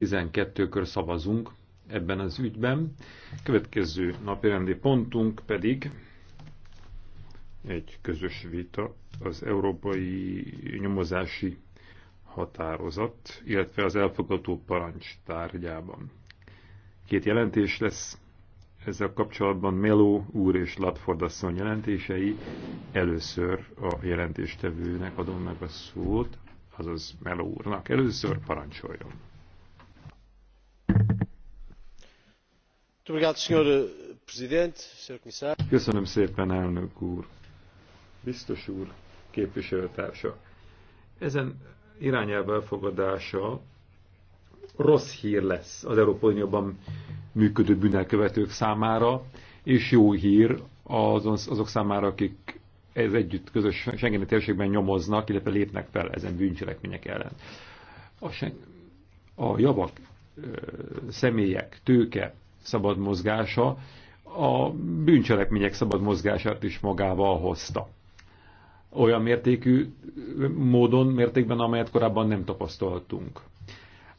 12-kör szavazunk ebben az ügyben. Következő napirendi pontunk pedig egy közös vita az európai nyomozási határozat, illetve az elfogadó parancs tárgyában. Két jelentés lesz ezzel kapcsolatban Meló úr és Latford asszony jelentései. Először a jelentéstevőnek adom meg a szót, azaz Meló úrnak. Először parancsoljon. Eh, Köszönöm szépen, elnök úr, biztos úr, képviselőtársa. Ezen irányelv elfogadása rossz hír lesz az Európai Unióban működő bűnelkövetők számára, és jó hír azon, azok számára, akik ez együtt közös Schengeni térségben nyomoznak, illetve lépnek fel ezen bűncselekmények ellen. A, a javak, személyek, tőke, szabad mozgása a bűncselekmények szabad mozgását is magával hozta. Olyan mértékű módon, mértékben, amelyet korábban nem tapasztaltunk.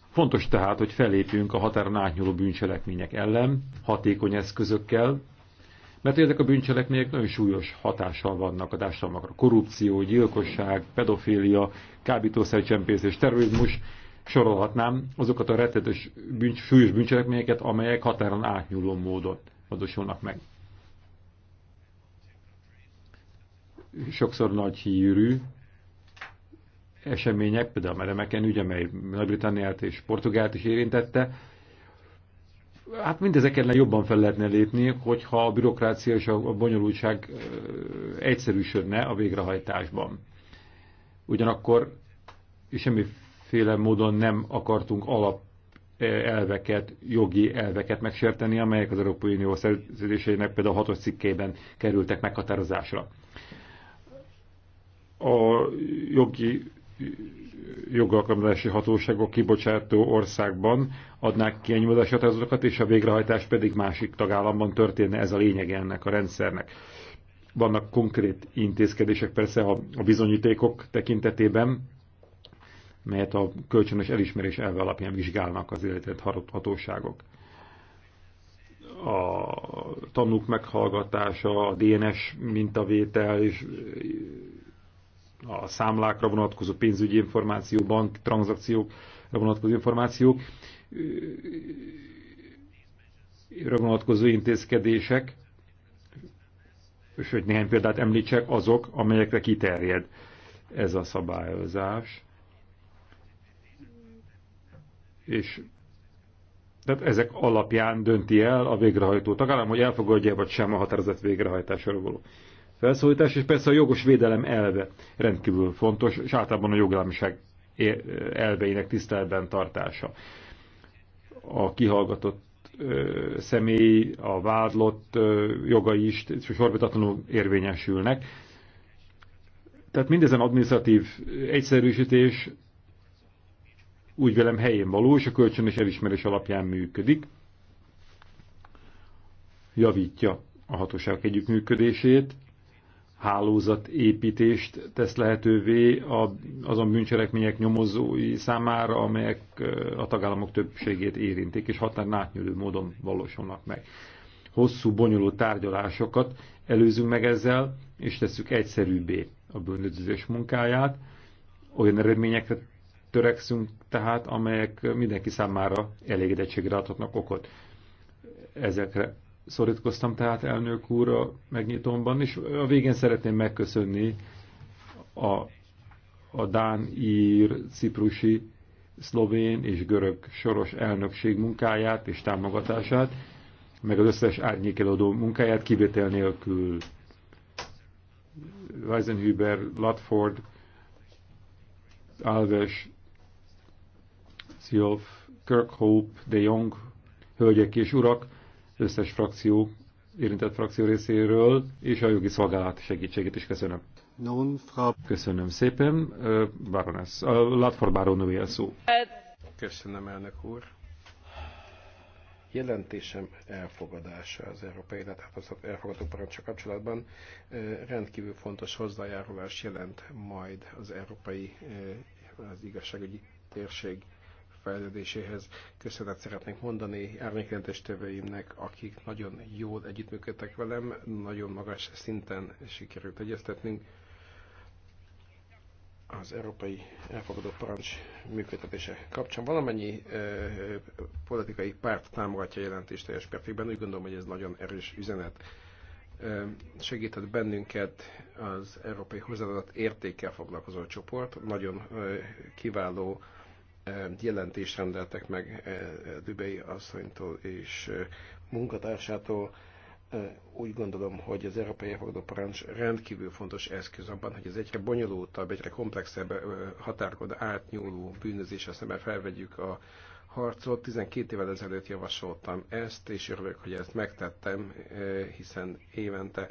Fontos tehát, hogy felépjünk a határon átnyúló bűncselekmények ellen, hatékony eszközökkel, mert ezek a bűncselekmények nagyon súlyos hatással vannak a társadalmakra. Korrupció, gyilkosság, pedofília, kábítószercsempészés, terrorizmus, sorolhatnám azokat a rettetes bűncs, súlyos bűncselekményeket, amelyek határon átnyúló módon adosulnak meg. Sokszor nagy hírű események, például a Meremeken ügy, amely Nagy-Britanniát és Portugált is érintette, Hát mindezek ellen jobban fel lehetne lépni, hogyha a bürokrácia és a bonyolultság egyszerűsödne a végrehajtásban. Ugyanakkor és semmi semmiféle módon nem akartunk alap eh, elveket, jogi elveket megsérteni, amelyek az Európai Unió szerződéseinek például a hatos cikkében kerültek meghatározásra. A jogi jogalkalmazási hatóságok kibocsátó országban adnák ki a nyomozási határozatokat, és a végrehajtás pedig másik tagállamban történne. Ez a lényeg ennek a rendszernek. Vannak konkrét intézkedések persze a bizonyítékok tekintetében, melyet a kölcsönös elismerés elve alapján vizsgálnak az életet hatóságok. A tanúk meghallgatása, a DNS mintavétel és a számlákra vonatkozó pénzügyi információ, bank tranzakciókra vonatkozó információk, vonatkozó intézkedések, és hogy néhány példát említsek, azok, amelyekre kiterjed ez a szabályozás és tehát ezek alapján dönti el a végrehajtó tagállam, hogy elfogadja vagy sem a határozat végrehajtására való felszólítás, és persze a jogos védelem elve rendkívül fontos, és általában a jogállamiság elveinek tiszteletben tartása. A kihallgatott személy, a vádlott jogai is sorbatatlanul érvényesülnek. Tehát mindezen administratív egyszerűsítés úgy velem helyén való, és a kölcsönös elismerés alapján működik, javítja a hatóság együttműködését, hálózatépítést tesz lehetővé azon bűncselekmények nyomozói számára, amelyek a tagállamok többségét érintik, és határn átnyúló módon valósulnak meg. Hosszú, bonyolult tárgyalásokat előzünk meg ezzel, és tesszük egyszerűbbé a bűnözés munkáját. Olyan eredményekre törekszünk tehát amelyek mindenki számára elégedettségre adhatnak okot. Ezekre szorítkoztam tehát elnök úr a megnyitomban, és a végén szeretném megköszönni a, a Dán, Ír, Ciprusi, Szlovén és Görög soros elnökség munkáját és támogatását, meg az összes árnyékelődő munkáját kivétel nélkül. Weisenhuber, Latford, Alves, Kretziov, Kirkhope, De Jong, hölgyek és urak, összes frakció, érintett frakció részéről, és a jogi szolgálat segítségét is köszönöm. Non, Frau... Köszönöm szépen. Baroness, Latford Baron a szó. Köszönöm, elnök úr. Jelentésem elfogadása az Európai Életáltozat elfogadó parancsa kapcsolatban rendkívül fontos hozzájárulás jelent majd az európai az igazságügyi térség fejlődéséhez köszönet szeretnék mondani árnyékjelentés tevőimnek, akik nagyon jól együttműködtek velem, nagyon magas szinten sikerült egyeztetnünk. Az Európai Elfogadó Parancs működtetése kapcsán valamennyi ö, politikai párt támogatja jelentést teljes mértékben. Úgy gondolom, hogy ez nagyon erős üzenet segített bennünket az Európai Hozzáadott Értékkel foglalkozó csoport. Nagyon kiváló jelentést rendeltek meg Dübei asszonytól és munkatársától. Úgy gondolom, hogy az Európai Fogadó Parancs rendkívül fontos eszköz abban, hogy az egyre bonyolultabb, egyre komplexebb határokon átnyúló bűnözésre szemben felvegyük a harcot. 12 évvel ezelőtt javasoltam ezt, és örülök, hogy ezt megtettem, hiszen évente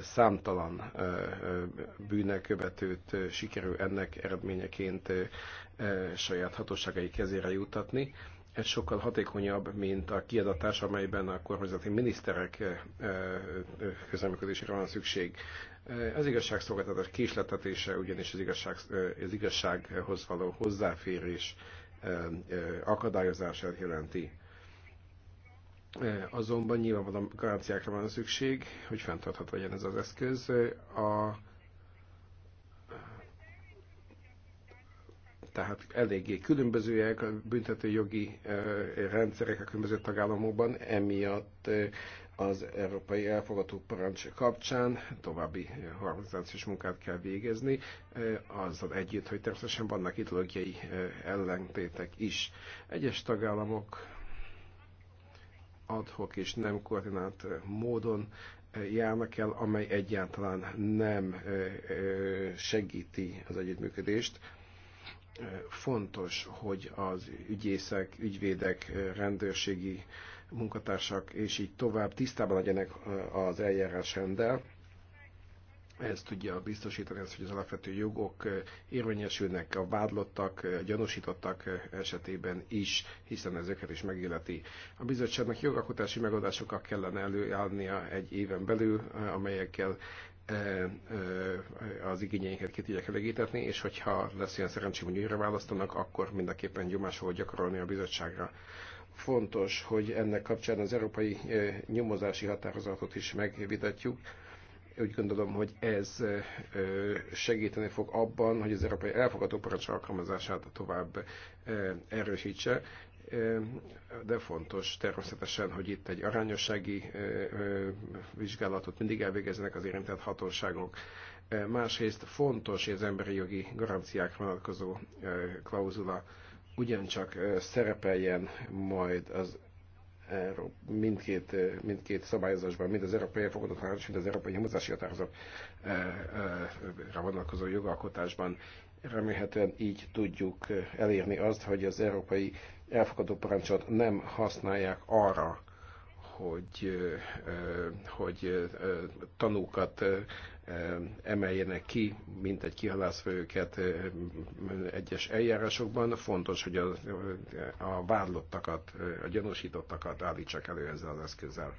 számtalan bűnekövetőt sikerül ennek eredményeként saját hatóságai kezére jutatni. Ez sokkal hatékonyabb, mint a kiadatás, amelyben a kormányzati miniszterek közleműködésére van szükség. Az igazságszolgáltatás késletetése, ugyanis az, igazság, az igazsághoz való hozzáférés akadályozását jelenti. Azonban nyilvánvalóan garanciákra van szükség, hogy fenntartható legyen ez az eszköz. A Tehát eléggé különbözőek a büntetőjogi rendszerek a különböző tagállamokban, emiatt az Európai Elfogató Parancs kapcsán további harmonizációs munkát kell végezni, azzal együtt, hogy természetesen vannak ideológiai ellentétek is. Egyes tagállamok adhok és nem koordinált módon járnak el, amely egyáltalán nem segíti az együttműködést fontos, hogy az ügyészek, ügyvédek, rendőrségi munkatársak és így tovább tisztában legyenek az eljárás rendel. Ez tudja biztosítani azt, hogy az alapvető jogok érvényesülnek a vádlottak, gyanúsítottak esetében is, hiszen ezeket is megilleti. A bizottságnak jogalkotási megoldásokkal kellene előállnia egy éven belül, amelyekkel az igényeinket ki tudják elégítetni, és hogyha lesz ilyen szerencsém, hogy újra választanak, akkor mindenképpen nyomás fogok gyakorolni a bizottságra. Fontos, hogy ennek kapcsán az európai nyomozási határozatot is megvitatjuk. Úgy gondolom, hogy ez segíteni fog abban, hogy az európai elfogadó parancs alkalmazását tovább erősítse, de fontos természetesen, hogy itt egy arányossági vizsgálatot mindig elvégeznek az érintett hatóságok. Másrészt fontos az emberi jogi garanciák vonatkozó klauzula ugyancsak szerepeljen majd az mindkét, mindkét szabályozásban, mind az Európai Fogadott Tanács, mind az Európai Nyomozási Határozatra vonatkozó jogalkotásban remélhetően így tudjuk elérni azt, hogy az európai elfogadó parancsot nem használják arra, hogy, hogy tanúkat emeljenek ki, mint egy kihalászva őket egyes eljárásokban. Fontos, hogy a, a vádlottakat, a gyanúsítottakat állítsák elő ezzel az eszközzel.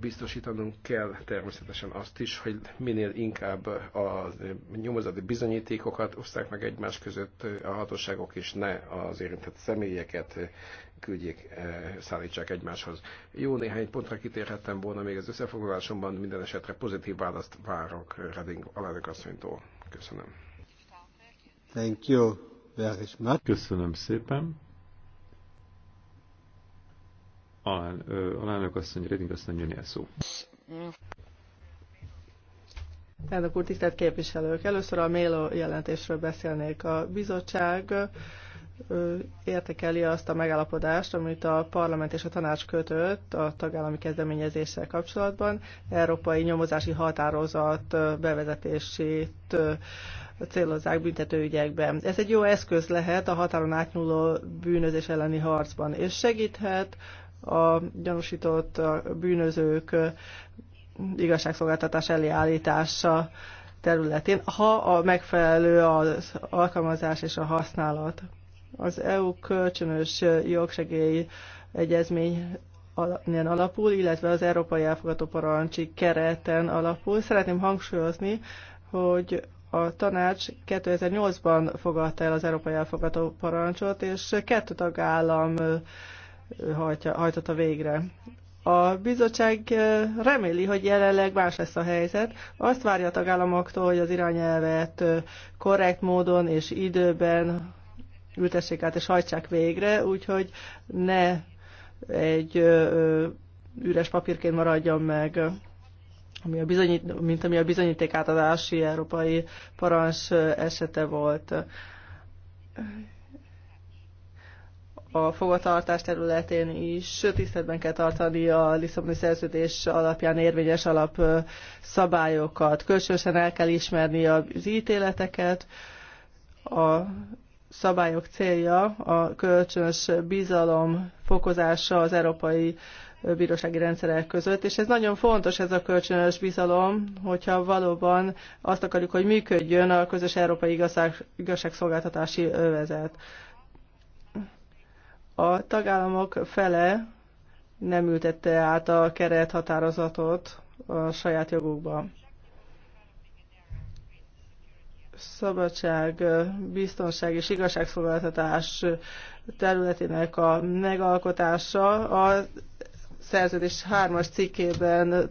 Biztosítanunk kell természetesen azt is, hogy minél inkább a nyomozati bizonyítékokat oszták meg egymás között a hatóságok, és ne az érintett személyeket küldjék, eh, szállítsák egymáshoz. Jó néhány pontra kitérhettem volna még az összefoglalásomban, minden esetre pozitív választ várok Reding alelnök asszonytól. Köszönöm. Thank you very much. Köszönöm szépen. Alelnök asszony, Reding asszony, jön szó. Elnök úr, tisztelt képviselők! Először a Mélo jelentésről beszélnék. A bizottság értekeli azt a megállapodást, amit a parlament és a tanács kötött a tagállami kezdeményezéssel kapcsolatban, európai nyomozási határozat bevezetését célozzák büntetőügyekben. Ez egy jó eszköz lehet a határon átnyúló bűnözés elleni harcban, és segíthet a gyanúsított a bűnözők igazságszolgáltatás elé állítása területén, ha a megfelelő az alkalmazás és a használat. Az EU kölcsönös jogsegély egyezmény alapul, illetve az Európai Elfogató Parancsi kereten alapul. Szeretném hangsúlyozni, hogy a tanács 2008-ban fogadta el az Európai Elfogató Parancsot, és kettő tagállam hajtja, hajtotta végre. A bizottság eh, reméli, hogy jelenleg más lesz a helyzet. Azt várja a tagállamoktól, hogy az irányelvet eh, korrekt módon és időben ültessék át és hajtsák végre, úgyhogy ne egy eh, üres papírként maradjon meg, ami a bizonyít, mint ami a bizonyíték átadási európai parancs esete volt a fogvatartás területén is tiszteletben kell tartani a Lisszaboni szerződés alapján érvényes alap szabályokat. Kölcsönösen el kell ismerni az ítéleteket. A szabályok célja a kölcsönös bizalom fokozása az európai bírósági rendszerek között, és ez nagyon fontos ez a kölcsönös bizalom, hogyha valóban azt akarjuk, hogy működjön a közös európai igazság, igazságszolgáltatási övezet. A tagállamok fele nem ültette át a határozatot a saját jogukba. Szabadság, biztonság és igazságszolgáltatás területének a megalkotása a szerződés 3-as cikkében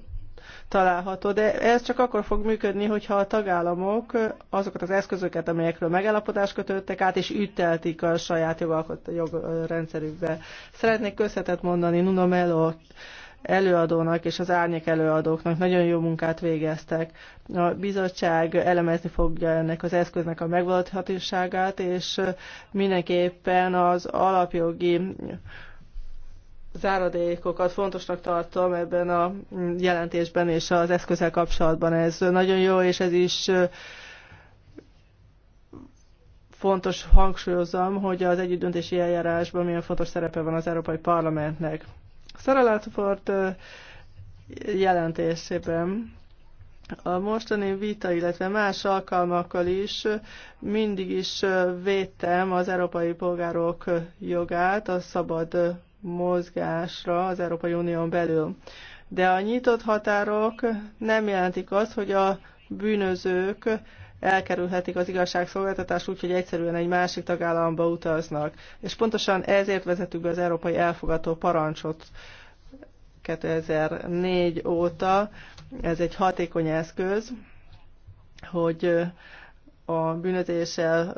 található, de ez csak akkor fog működni, hogyha a tagállamok azokat az eszközöket, amelyekről megállapodást kötöttek át, és üteltik a saját jogalkot, jogrendszerükbe. Szeretnék köszönetet mondani Nuno Melo előadónak és az árnyék előadóknak nagyon jó munkát végeztek. A bizottság elemezni fogja ennek az eszköznek a megvalósíthatóságát, és mindenképpen az alapjogi záradékokat fontosnak tartom ebben a jelentésben és az eszközzel kapcsolatban. Ez nagyon jó, és ez is fontos hangsúlyozom, hogy az együttdöntési eljárásban milyen fontos szerepe van az Európai Parlamentnek. Sarah Latford jelentésében a mostani vita, illetve más alkalmakkal is mindig is védtem az európai polgárok jogát a szabad mozgásra az Európai Unión belül. De a nyitott határok nem jelentik azt, hogy a bűnözők elkerülhetik az igazságszolgáltatást úgy, hogy egyszerűen egy másik tagállamba utaznak. És pontosan ezért vezetük be az Európai Elfogató Parancsot 2004 óta. Ez egy hatékony eszköz, hogy a bűnözéssel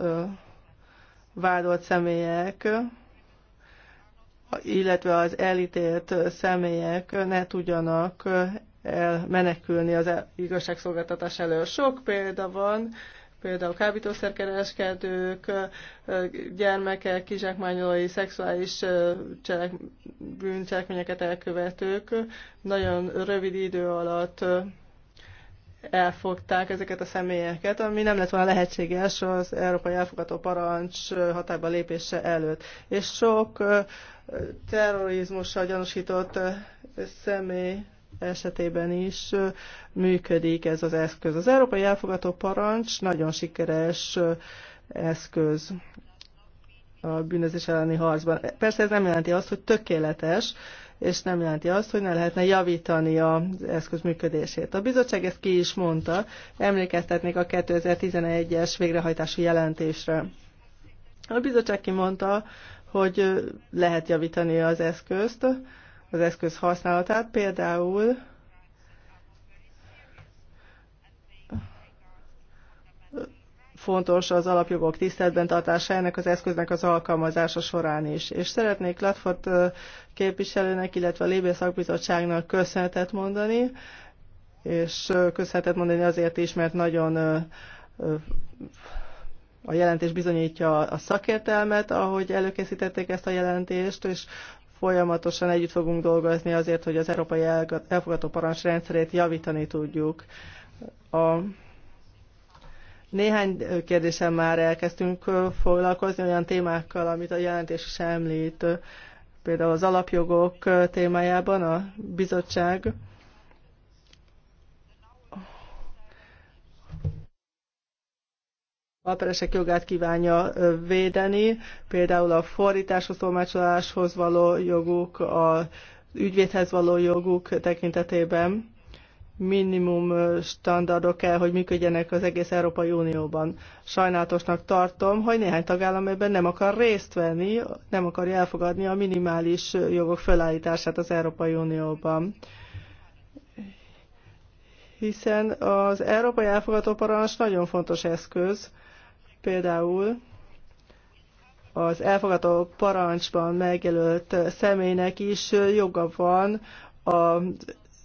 vádolt személyek illetve az elítélt személyek ne tudjanak elmenekülni az e- igazságszolgáltatás elől. Sok példa van, például kábítószerkereskedők, gyermekek, kizsákmányolói, szexuális cselek, bűncselekményeket elkövetők nagyon rövid idő alatt elfogták ezeket a személyeket, ami nem lett volna lehetséges az Európai Elfogató Parancs hatályba lépése előtt. És sok terrorizmussal gyanúsított személy esetében is működik ez az eszköz. Az Európai Elfogató Parancs nagyon sikeres eszköz a bűnözés elleni harcban. Persze ez nem jelenti azt, hogy tökéletes, és nem jelenti azt, hogy ne lehetne javítani az eszköz működését. A bizottság ezt ki is mondta, emlékeztetnék a 2011-es végrehajtási jelentésre. A bizottság kimondta, hogy lehet javítani az eszközt, az eszköz használatát, például fontos az alapjogok tiszteletben tartása ennek az eszköznek az alkalmazása során is. És szeretnék Latford képviselőnek, illetve a Lébé Szakbizottságnak köszönetet mondani, és köszönetet mondani azért is, mert nagyon a jelentés bizonyítja a szakértelmet, ahogy előkészítették ezt a jelentést, és folyamatosan együtt fogunk dolgozni azért, hogy az európai elfogadó parancs rendszerét javítani tudjuk. A néhány kérdéssel már elkezdtünk foglalkozni olyan témákkal, amit a jelentés is említ, például az alapjogok témájában a bizottság a peresek jogát kívánja védeni, például a fordításhoz, tolmácsoláshoz való joguk, a ügyvédhez való joguk tekintetében minimum standardok kell, hogy működjenek az egész Európai Unióban. Sajnálatosnak tartom, hogy néhány tagállam ebben nem akar részt venni, nem akarja elfogadni a minimális jogok felállítását az Európai Unióban. Hiszen az Európai Elfogadó Parancs nagyon fontos eszköz, például az elfogadó parancsban megjelölt személynek is joga van az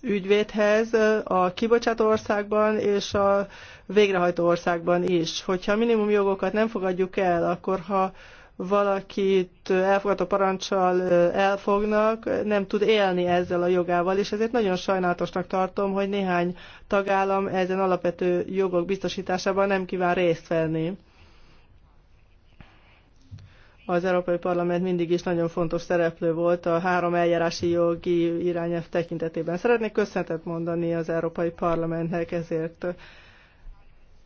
ügyvédhez a kibocsátó országban és a végrehajtó országban is. Hogyha minimum jogokat nem fogadjuk el, akkor ha valakit elfogadó parancsal elfognak, nem tud élni ezzel a jogával, és ezért nagyon sajnálatosnak tartom, hogy néhány tagállam ezen alapvető jogok biztosításában nem kíván részt venni. Az Európai Parlament mindig is nagyon fontos szereplő volt a három eljárási jogi irányelv tekintetében. Szeretnék köszönetet mondani az Európai Parlamentnek ezért.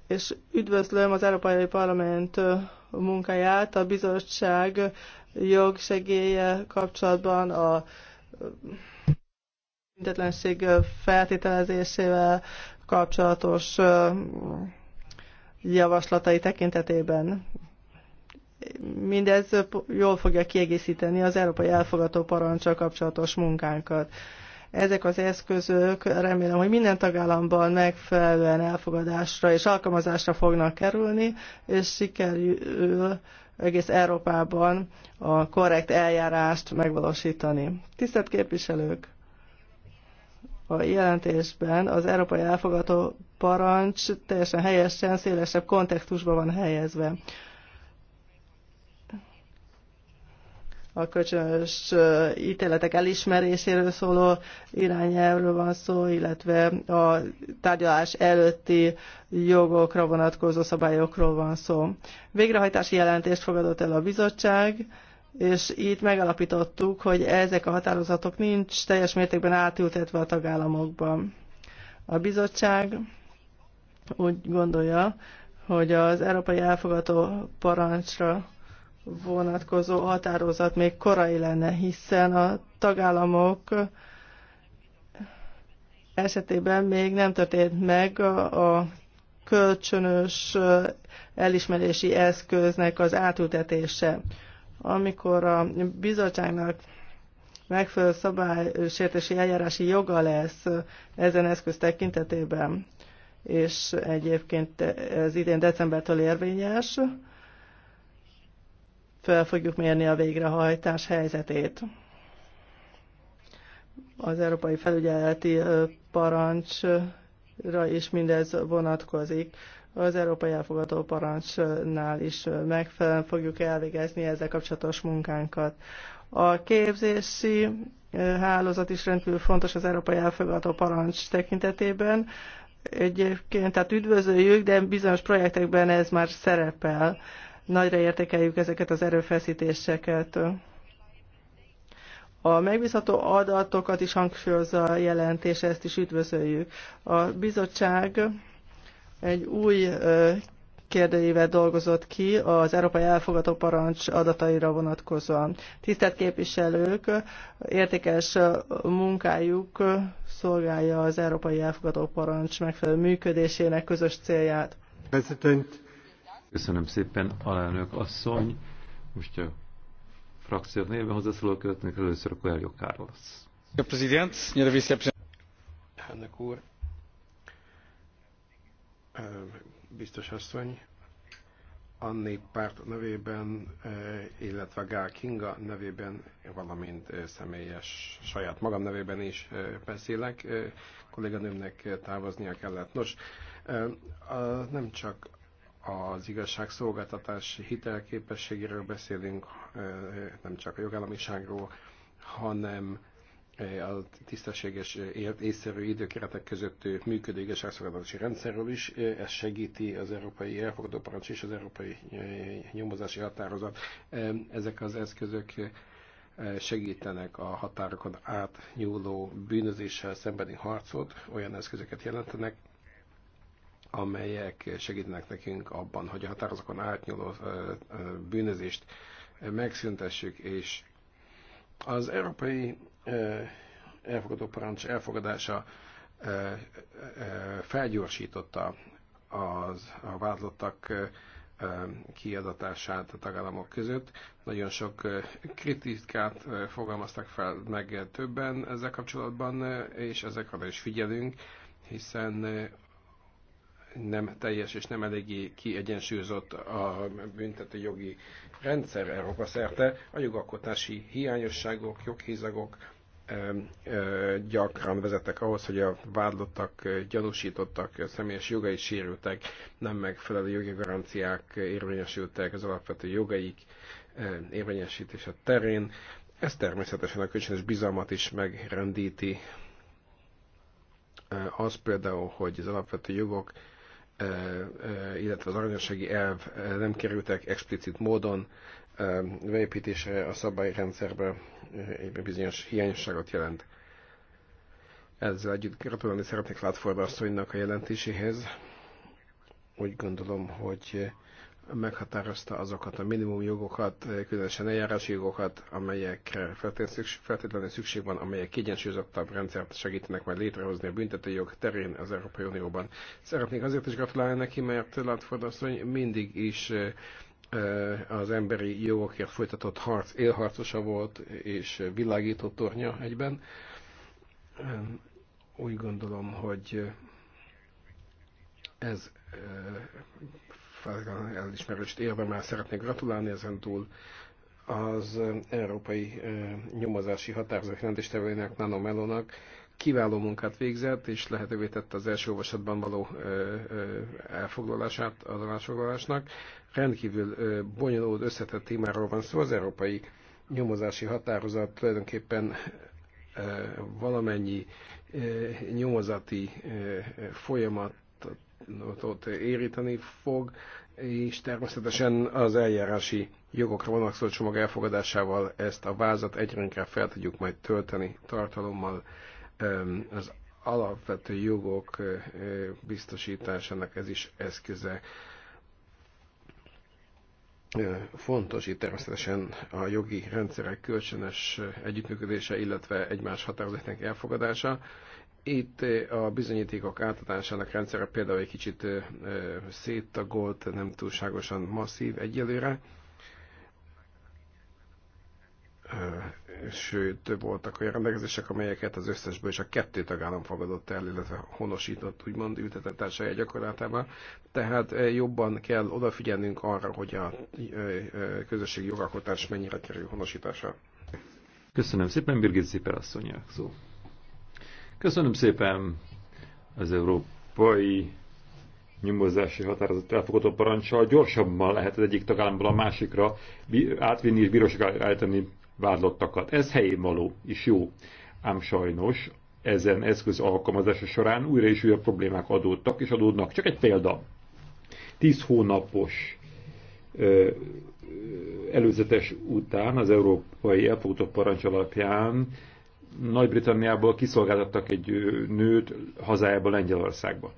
És üdvözlöm az Európai Parlament munkáját, a bizottság jogsegélye kapcsolatban, a büntetlenség feltételezésével kapcsolatos javaslatai tekintetében mindez jól fogja kiegészíteni az európai elfogató parancsal kapcsolatos munkánkat. Ezek az eszközök remélem, hogy minden tagállamban megfelelően elfogadásra és alkalmazásra fognak kerülni, és sikerül egész Európában a korrekt eljárást megvalósítani. Tisztelt képviselők! a jelentésben az európai elfogadó parancs teljesen helyesen, szélesebb kontextusban van helyezve. a kölcsönös ítéletek elismeréséről szóló irányelvről van szó, illetve a tárgyalás előtti jogokra vonatkozó szabályokról van szó. Végrehajtási jelentést fogadott el a bizottság, és itt megalapítottuk, hogy ezek a határozatok nincs teljes mértékben átültetve a tagállamokban. A bizottság úgy gondolja, hogy az európai elfogadó parancsra vonatkozó határozat még korai lenne, hiszen a tagállamok esetében még nem történt meg a, a kölcsönös elismerési eszköznek az átültetése. Amikor a bizottságnak megfelelő szabálysértési eljárási joga lesz ezen eszköz tekintetében, és egyébként ez idén decembertől érvényes, fel fogjuk mérni a végrehajtás helyzetét. Az Európai Felügyeleti Parancsra is mindez vonatkozik. Az Európai Elfogadó Parancsnál is megfelelően fogjuk elvégezni ezzel kapcsolatos munkánkat. A képzési hálózat is rendkívül fontos az Európai Elfogadó Parancs tekintetében. Egyébként, tehát üdvözöljük, de bizonyos projektekben ez már szerepel Nagyra értékeljük ezeket az erőfeszítéseket. A megbízható adatokat is hangsúlyozza a jelentés, ezt is üdvözöljük. A bizottság egy új kérdőjével dolgozott ki az Európai Elfogadó Parancs adataira vonatkozóan. Tisztelt képviselők, értékes munkájuk szolgálja az Európai Elfogadó Parancs megfelelő működésének közös célját. President. Köszönöm szépen, alelnök asszony. Most a frakciók néven hozzászóló követnek először a Coelho Carlos. Elnök úr, biztos asszony, a néppárt nevében, illetve Gál Kinga nevében, valamint személyes saját magam nevében is beszélek. Kolléganőmnek távoznia kellett. Nos, nem csak az igazságszolgáltatás hitelképességéről beszélünk, nem csak a jogállamiságról, hanem a tisztességes, észszerű időkeretek között működő igazságszolgáltatási rendszerről is. Ez segíti az európai elfogadó parancs és az európai nyomozási határozat. Ezek az eszközök segítenek a határokon átnyúló bűnözéssel szembeni harcot, olyan eszközöket jelentenek, amelyek segítenek nekünk abban, hogy a határozokon átnyúló bűnözést megszüntessük, és az európai elfogadó parancs elfogadása felgyorsította az, a vádlottak kiadatását a tagállamok között. Nagyon sok kritikát fogalmaztak fel meg többen ezzel kapcsolatban, és ezekre is figyelünk, hiszen nem teljes és nem eléggé kiegyensúlyozott a büntető jogi rendszer Európa szerte, a jogalkotási hiányosságok, joghézagok gyakran vezettek ahhoz, hogy a vádlottak, gyanúsítottak, személyes jogai sérültek, nem megfelelő jogi garanciák érvényesültek, az alapvető jogaik érvényesítése terén. Ez természetesen a kölcsönös bizalmat is megrendíti. Az például, hogy az alapvető jogok illetve az aranyossági elv nem kerültek explicit módon beépítésre a szabályrendszerbe egy bizonyos hiányosságot jelent. Ezzel együtt gratulálni szeretnék Látforba asszonynak a jelentéséhez. Úgy gondolom, hogy meghatározta azokat a minimum jogokat, különösen eljárási jogokat, amelyekre feltétlenül szükség van, amelyek kiegyensúlyozottabb rendszert segítenek majd létrehozni a jog terén az Európai Unióban. Szeretnék azért is gratulálni neki, mert Latford asszony mindig is az emberi jogokért folytatott harc élharcosa volt, és világító tornya egyben. Úgy gondolom, hogy ez elismerést már szeretnék gratulálni ezen túl az Európai Nyomozási Határozat jelentéstevőjének, Nano Melonak. kiváló munkát végzett, és lehetővé tette az első olvasatban való elfoglalását az állásfoglalásnak. Rendkívül bonyolult, összetett témáról van szó. Az Európai Nyomozási Határozat tulajdonképpen valamennyi nyomozati folyamat ott éríteni fog, és természetesen az eljárási jogokra vonatkozó csomag elfogadásával ezt a vázat egyre inkább fel tudjuk majd tölteni tartalommal az alapvető jogok biztosításának ez is eszköze. Fontos itt természetesen a jogi rendszerek kölcsönös együttműködése, illetve egymás határozatnak elfogadása. Itt eh, a bizonyítékok átadásának rendszere például egy kicsit eh, eh, széttagolt, nem túlságosan masszív egyelőre. Sőt, voltak olyan rendelkezések, amelyeket az összesből csak kettő tagállam fogadott el, illetve honosított, úgymond ültetett saját gyakorlatában. Tehát jobban kell odafigyelnünk arra, hogy a közösségi jogalkotás mennyire kerül honosításra. Köszönöm szépen, Birgit Ziper asszonyja szó. Köszönöm szépen az európai nyomozási határozat elfogadó parancsal gyorsabban lehet az egyik tagállamból a másikra átvinni és bíróság állítani vádlottakat. Ez helyén való és jó. Ám sajnos ezen eszköz alkalmazása során újra és újabb problémák adódtak és adódnak. Csak egy példa. tíz hónapos ö, előzetes után az európai elfogadó parancs alapján nagy-Britanniából kiszolgáltattak egy nőt hazájába, Lengyelországba.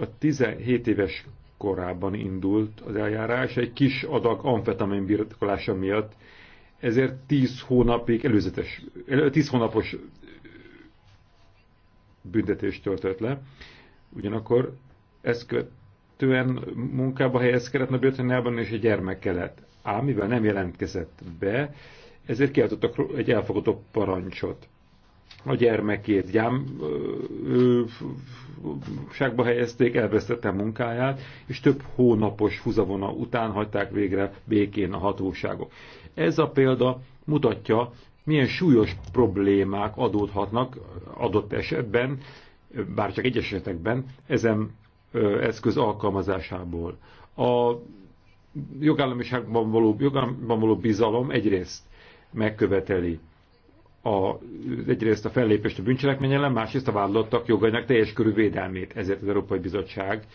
A 17 éves korában indult az eljárás egy kis adag amfetamin birtoklása miatt, ezért 10 hónapig előzetes, 10 hónapos büntetést töltött le. Ugyanakkor ezt követően munkába helyezkedett Nagy-Britanniában és egy gyermek kellett. Ám mivel nem jelentkezett be, ezért kiáltottak egy elfogadó parancsot. A gyermekét gyám ságba helyezték, elvesztette munkáját, és több hónapos húzavona után hagyták végre békén a hatóságok. Ez a példa mutatja, milyen súlyos problémák adódhatnak adott esetben, bár csak egy esetekben, ezen eszköz alkalmazásából. A jogállamiságban való, jogállamban való bizalom egyrészt megköveteli a, egyrészt a fellépést a bűncselekmény ellen, másrészt a vállalattak jogainak teljes körű védelmét. Ezért az Európai Bizottság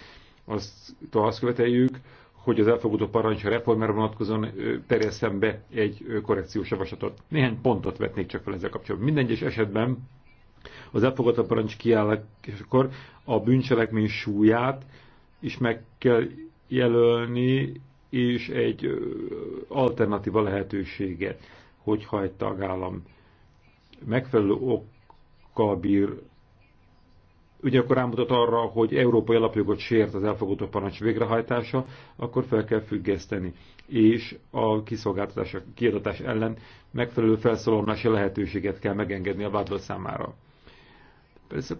azt, azt követeljük, hogy az elfogadó parancs reformjára vonatkozóan terjesszen be egy korrekciós javaslatot. Néhány pontot vetnék csak fel ezzel kapcsolatban. Minden egyes esetben az elfogadó parancs kiállásakor a bűncselekmény súlyát is meg kell jelölni, és egy alternatíva lehetőséget hogyha egy tagállam megfelelő okkal bír, akkor rámutat arra, hogy európai alapjogot sért az elfogadó parancs végrehajtása, akkor fel kell függeszteni, és a kiszolgáltatás, a kiadatás ellen megfelelő felszólalási lehetőséget kell megengedni a vádlott számára. Persze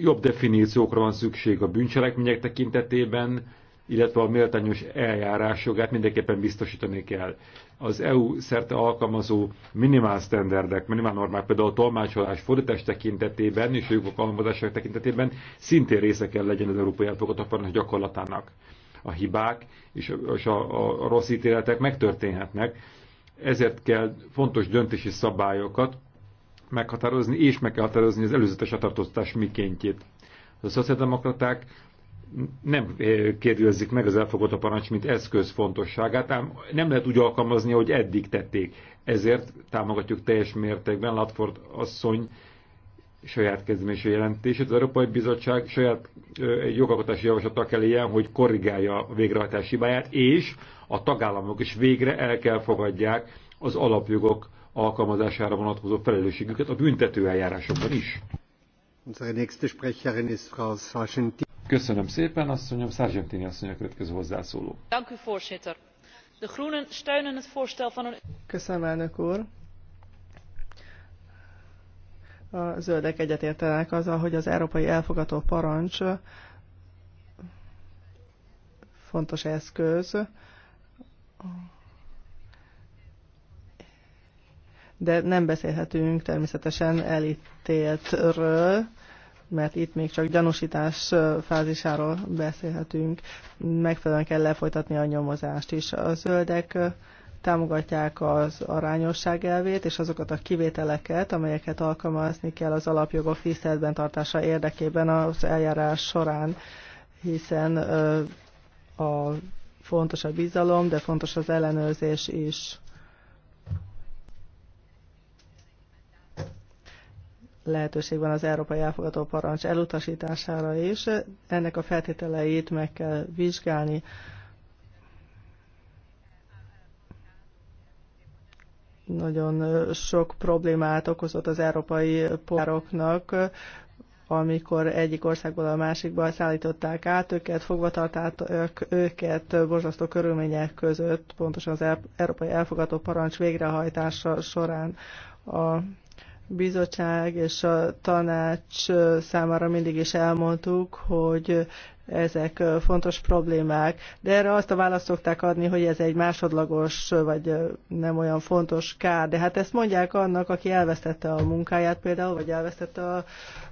jobb definíciókra van szükség a bűncselekmények tekintetében, illetve a méltányos eljárás jogát mindenképpen biztosítani kell az EU szerte alkalmazó minimál sztenderdek, minimál normák, például a tolmácsolás fordítás tekintetében és a jogok alkalmazása tekintetében szintén része kell legyen az európai elfogadó gyakorlatának. A hibák és, és a, a rossz ítéletek megtörténhetnek, ezért kell fontos döntési szabályokat meghatározni, és meg kell határozni az előzetes tartóztatás mikéntjét. A szociáldemokraták nem kérdőzik meg az elfogadott parancs, mint eszköz fontosságát, ám nem lehet úgy alkalmazni, hogy eddig tették. Ezért támogatjuk teljes mértékben Latford asszony saját kezdeményező jelentését. Az Európai Bizottság saját jogalkotási javaslata kell ilyen, hogy korrigálja a végrehajtás hibáját, és a tagállamok is végre el kell fogadják az alapjogok alkalmazására vonatkozó felelősségüket a büntető eljárásokban is. Unsere nächste Sprecherin ist Frau Sargentini. Köszönöm szépen, asszonyom. Sargentini asszony a következő hozzászóló. Köszönöm, elnök úr. A zöldek egyetértenek azzal, hogy az európai elfogató parancs fontos eszköz, de nem beszélhetünk természetesen elítéltről, mert itt még csak gyanúsítás fázisáról beszélhetünk, megfelelően kell lefolytatni a nyomozást is. A zöldek támogatják az arányosság elvét és azokat a kivételeket, amelyeket alkalmazni kell az alapjogok tiszteletben tartása érdekében az eljárás során, hiszen a fontos a bizalom, de fontos az ellenőrzés is. lehetőség van az európai elfogadó parancs elutasítására is. Ennek a feltételeit meg kell vizsgálni. Nagyon sok problémát okozott az európai polgároknak, amikor egyik országból a másikba szállították át őket, fogvatartáltak őket borzasztó körülmények között, pontosan az európai elfogadó parancs végrehajtása során a bizottság és a tanács számára mindig is elmondtuk, hogy ezek fontos problémák, de erre azt a választ szokták adni, hogy ez egy másodlagos, vagy nem olyan fontos kár. De hát ezt mondják annak, aki elvesztette a munkáját például, vagy elvesztette a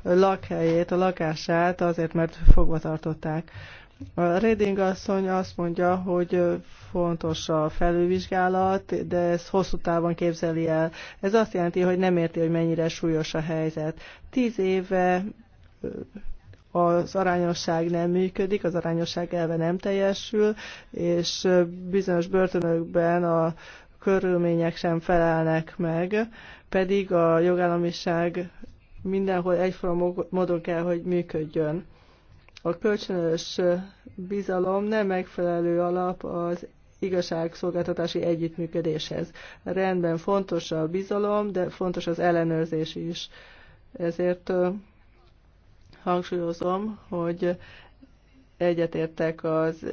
lakhelyét, a lakását, azért, mert fogva tartották. A Reding asszony azt mondja, hogy fontos a felülvizsgálat, de ez hosszú távon képzeli el. Ez azt jelenti, hogy nem érti, hogy mennyire súlyos a helyzet. Tíz éve az arányosság nem működik, az arányosság elve nem teljesül, és bizonyos börtönökben a körülmények sem felelnek meg, pedig a jogállamiság mindenhol egyforma módon kell, hogy működjön a kölcsönös bizalom nem megfelelő alap az igazságszolgáltatási együttműködéshez. Rendben fontos a bizalom, de fontos az ellenőrzés is. Ezért hangsúlyozom, hogy egyetértek az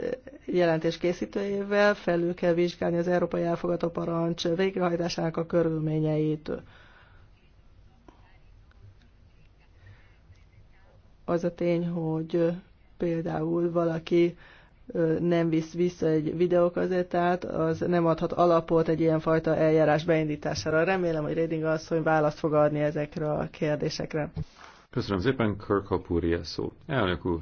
jelentés készítőjével, felül kell vizsgálni az Európai elfogadó Parancs végrehajtásának a körülményeit. az a tény, hogy például valaki nem visz vissza egy videokazettát, az nem adhat alapot egy ilyenfajta eljárás beindítására. Remélem, hogy Reding asszony választ fog adni ezekre a kérdésekre. Köszönöm szépen, Kirk Apúria szó. Elnök úr,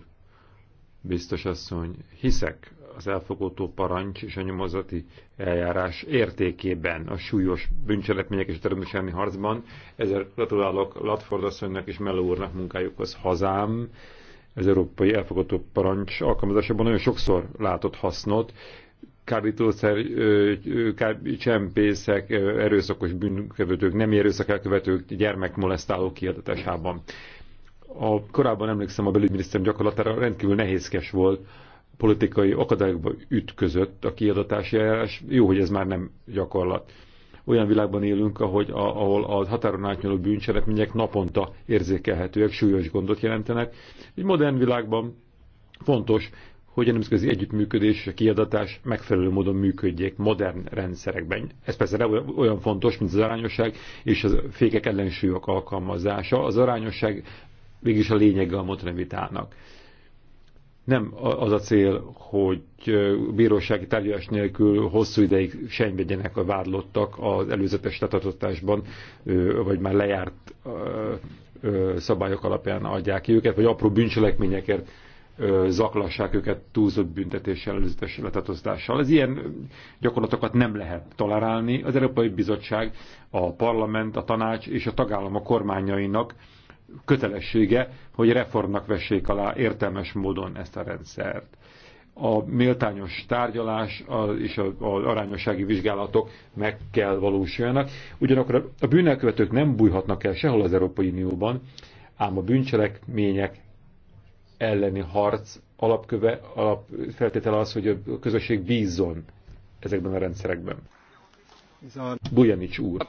biztos asszony, hiszek az elfogótó parancs és a nyomozati eljárás értékében a súlyos bűncselekmények és természetesen harcban. Ezzel gratulálok Latford asszonynak és Melo úrnak munkájukhoz hazám. Az európai elfogadó parancs alkalmazásában nagyon sokszor látott hasznot, kábítószer, csempészek, erőszakos bűnkövetők, nem erőszak elkövetők, gyermekmolesztáló kiadatásában. A, korábban emlékszem a belügyminiszter gyakorlatára rendkívül nehézkes volt politikai akadályokba ütközött a kiadatási eljárás. Jó, hogy ez már nem gyakorlat. Olyan világban élünk, ahogy a, ahol a határon átnyúló bűncselekmények naponta érzékelhetőek, súlyos gondot jelentenek. Egy modern világban fontos, hogy a nemzetközi együttműködés és a kiadatás megfelelő módon működjék modern rendszerekben. Ez persze olyan fontos, mint az arányosság és a fékek ellensúlyok alkalmazása. Az arányosság végig a lényege a vitának nem az a cél, hogy bírósági tárgyalás nélkül hosszú ideig senyvedjenek a vádlottak az előzetes letartóztatásban, vagy már lejárt szabályok alapján adják ki őket, vagy apró bűncselekményekért zaklassák őket túlzott büntetéssel, előzetes letartóztással. Az ilyen gyakorlatokat nem lehet tolerálni. Az Európai Bizottság, a parlament, a tanács és a tagállamok kormányainak kötelessége, hogy reformnak vessék alá értelmes módon ezt a rendszert. A méltányos tárgyalás és az arányossági vizsgálatok meg kell valósuljanak. Ugyanakkor a bűnelkövetők nem bújhatnak el sehol az Európai Unióban, ám a bűncselekmények elleni harc alapköve, alapfeltétele az, hogy a közösség bízzon ezekben a rendszerekben. Bujanics úr.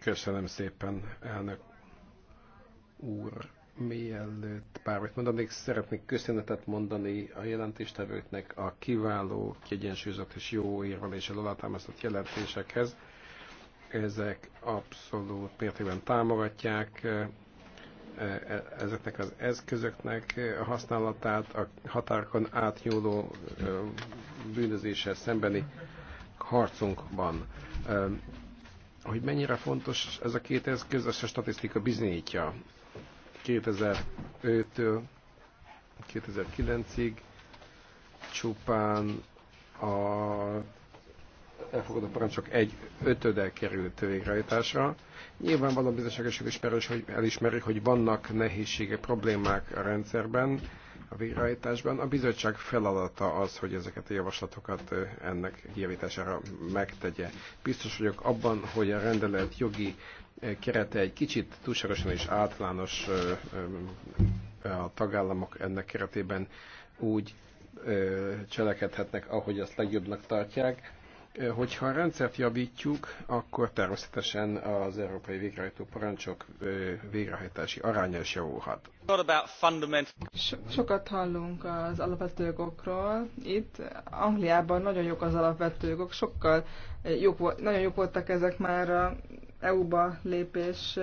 Köszönöm szépen, elnök úr, mielőtt bármit mondanék, szeretnék köszönetet mondani a jelentéstevőknek a kiváló, kiegyensúlyozott és jó érveléssel alátámasztott jelentésekhez. Ezek abszolút mértékben támogatják e, e, ezeknek az eszközöknek a használatát a határokon átnyúló e, bűnözéssel szembeni harcunkban. Hogy mennyire fontos ez a két eszköz, azt a statisztika bizonyítja. 2005-től 2009-ig csupán a elfogadott parancsok egy ötöde került végrehajtásra. Nyilvánvalóan biztonságos ismerős, hogy elismerik, hogy vannak nehézségek, problémák a rendszerben, a végrehajtásban. A bizottság feladata az, hogy ezeket a javaslatokat ennek javítására megtegye. Biztos vagyok abban, hogy a rendelet jogi kerete egy kicsit túlságosan is általános a tagállamok ennek keretében úgy cselekedhetnek, ahogy azt legjobbnak tartják. Hogyha a rendszert javítjuk, akkor természetesen az európai végrehajtó parancsok végrehajtási aránya is javulhat. sokat hallunk az alapvető jogokról. Itt Angliában nagyon jók az alapvető jogok, sokkal jók, nagyon jók voltak ezek már a EU-ba lépés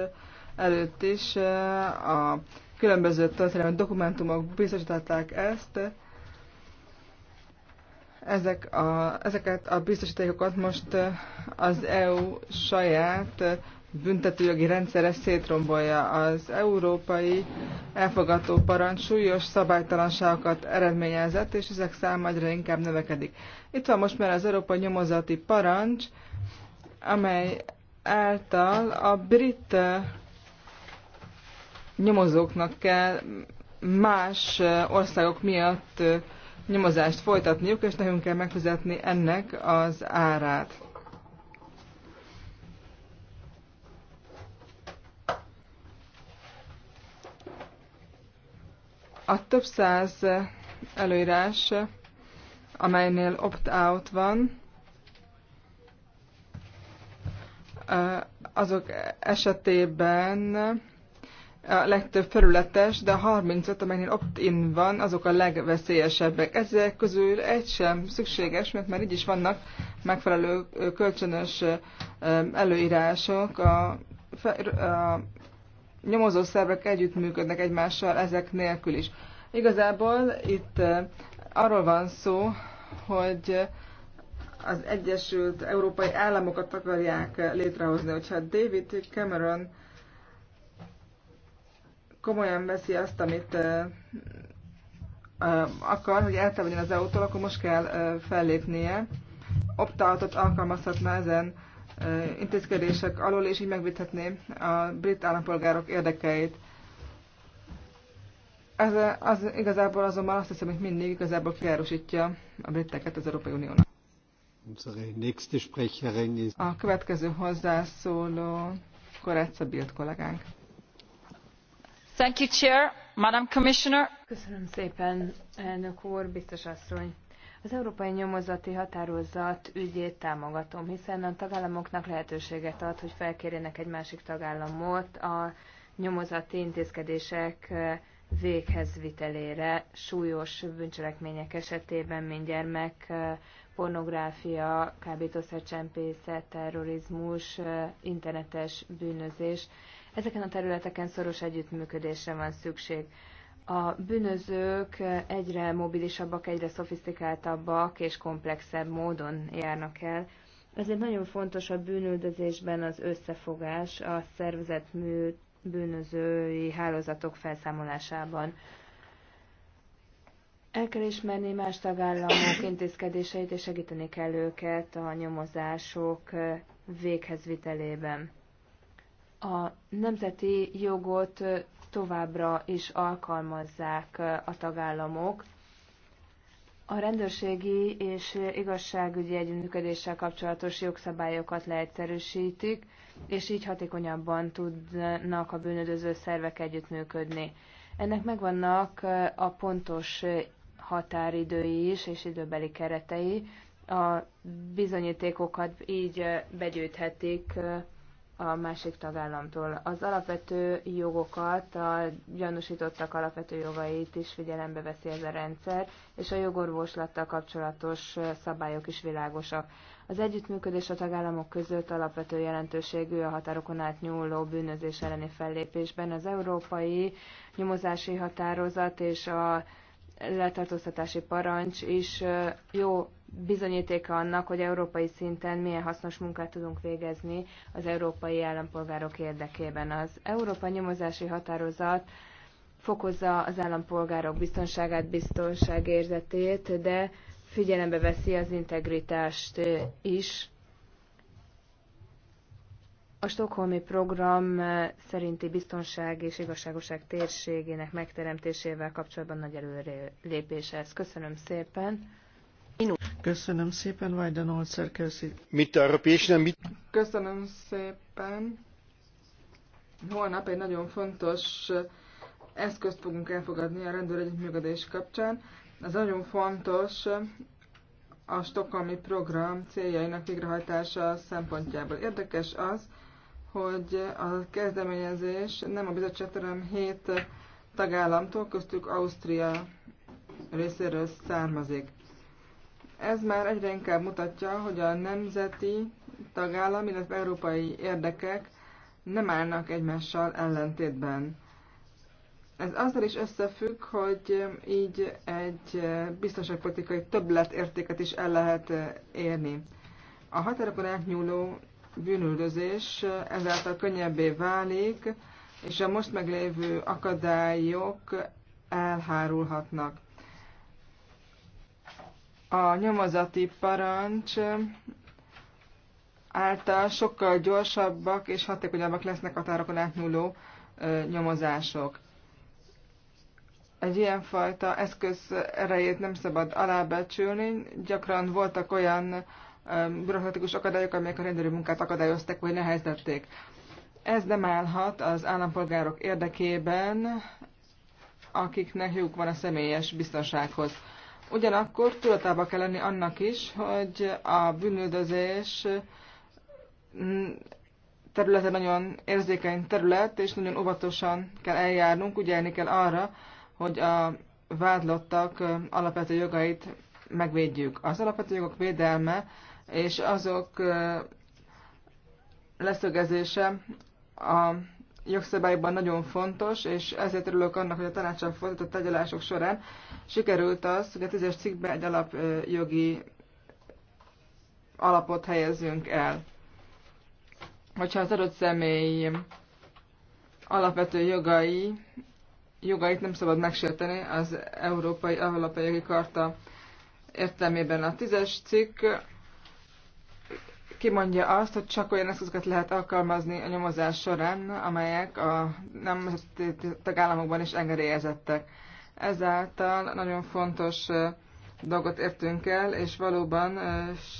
előtt is e, a különböző történelmi dokumentumok biztosították ezt. Ezek a, ezeket a biztosítékokat most e, az EU saját e, büntetőjogi rendszere szétrombolja. Az európai elfogadó parancs súlyos szabálytalanságokat eredményezett, és ezek száma egyre inkább növekedik. Itt van most már az európai nyomozati parancs, amely által a brit nyomozóknak kell más országok miatt nyomozást folytatniuk, és nekünk kell megfizetni ennek az árát. A több száz előírás, amelynél opt-out van, Eh, azok esetében a legtöbb felületes, de a 35, amelynél opt-in van, azok a legveszélyesebbek. Ezek közül egy sem szükséges, mert már így is vannak megfelelő eh, kölcsönös eh, előírások. A, a nyomozó szervek együttműködnek egymással ezek nélkül is. Igazából itt arról van szó, hogy az Egyesült Európai Államokat akarják létrehozni. Hogyha David Cameron komolyan veszi azt, amit akar, hogy eltávoljon az eu akkor most kell fellépnie. Optáltat alkalmazhatna ezen intézkedések alól, és így megvédhetné a brit állampolgárok érdekeit. Ez az igazából azonban azt hiszem, hogy mindig igazából kiárusítja a briteket az Európai Uniónak. A következő hozzászóló Koretsa Bild kollégánk. Thank you, Chair, Madam Commissioner. Köszönöm szépen, elnök úr, biztos asszony. Az Európai Nyomozati Határozat ügyét támogatom, hiszen a tagállamoknak lehetőséget ad, hogy felkérjenek egy másik tagállamot a nyomozati intézkedések véghezvitelére súlyos bűncselekmények esetében, mint gyermek pornográfia, kábítószercsempészet, terrorizmus, internetes bűnözés. Ezeken a területeken szoros együttműködésre van szükség. A bűnözők egyre mobilisabbak, egyre szofisztikáltabbak és komplexebb módon járnak el. Ezért nagyon fontos a bűnüldözésben az összefogás a szervezett bűnözői hálózatok felszámolásában. El kell ismerni más tagállamok intézkedéseit, és segíteni kell őket a nyomozások véghezvitelében. A nemzeti jogot továbbra is alkalmazzák a tagállamok. A rendőrségi és igazságügyi együttműködéssel kapcsolatos jogszabályokat leegyszerűsítik, és így hatékonyabban tudnak a bűnöldöző szervek együttműködni. Ennek megvannak a pontos határidői is és időbeli keretei. A bizonyítékokat így begyűjthetik a másik tagállamtól. Az alapvető jogokat, a gyanúsítottak alapvető jogait is figyelembe veszi ez a rendszer, és a jogorvoslattal kapcsolatos szabályok is világosak. Az együttműködés a tagállamok között alapvető jelentőségű a határokon átnyúló bűnözés elleni fellépésben. Az európai nyomozási határozat és a letartóztatási parancs is jó bizonyítéka annak, hogy európai szinten milyen hasznos munkát tudunk végezni az európai állampolgárok érdekében. Az Európa nyomozási határozat fokozza az állampolgárok biztonságát, biztonságérzetét, de figyelembe veszi az integritást is, a stokholmi program eh, szerinti biztonság és igazságoság térségének megteremtésével kapcsolatban nagy előrelépés Köszönöm szépen. Köszönöm szépen, Vajdan Olszer, Mit Köszönöm szépen. Holnap egy nagyon fontos eh, eszközt fogunk elfogadni a rendőr együttműködés kapcsán. Ez nagyon fontos eh, a stokholmi program céljainak végrehajtása szempontjából. Érdekes az, hogy a kezdeményezés nem a bizottságterem hét tagállamtól, köztük Ausztria részéről származik. Ez már egyre inkább mutatja, hogy a nemzeti tagállam, illetve európai érdekek nem állnak egymással ellentétben. Ez azzal is összefügg, hogy így egy biztonságpolitikai többletértéket is el lehet érni. A határokon átnyúló bűnüldözés ezáltal könnyebbé válik, és a most meglévő akadályok elhárulhatnak. A nyomozati parancs által sokkal gyorsabbak és hatékonyabbak lesznek a határokon átnyúló nyomozások. Egy ilyenfajta eszköz erejét nem szabad alábecsülni. Gyakran voltak olyan Um, bürokratikus akadályok, amelyek a rendőri munkát akadályozták vagy nehezítették. Ez nem állhat az állampolgárok érdekében, akiknek jók van a személyes biztonsághoz. Ugyanakkor tudatába kell lenni annak is, hogy a bűnöldözés mm, területe nagyon érzékeny terület, és nagyon óvatosan kell eljárnunk, ugye kell arra, hogy a vádlottak alapvető jogait megvédjük. Az alapvető jogok védelme és azok leszögezése a jogszabályban nagyon fontos, és ezért örülök annak, hogy a tanácsal folytatott tegyelások során sikerült az, hogy a 10 cikkben cikkbe egy alapjogi alapot helyezünk el. Hogyha az adott személy alapvető jogai, jogait nem szabad megsérteni az Európai Alapjogi Karta értelmében. A 10 cikk kimondja azt, hogy csak olyan eszközöket lehet alkalmazni a nyomozás során, amelyek a nem tagállamokban is engedélyezettek. Ezáltal nagyon fontos dolgot értünk el, és valóban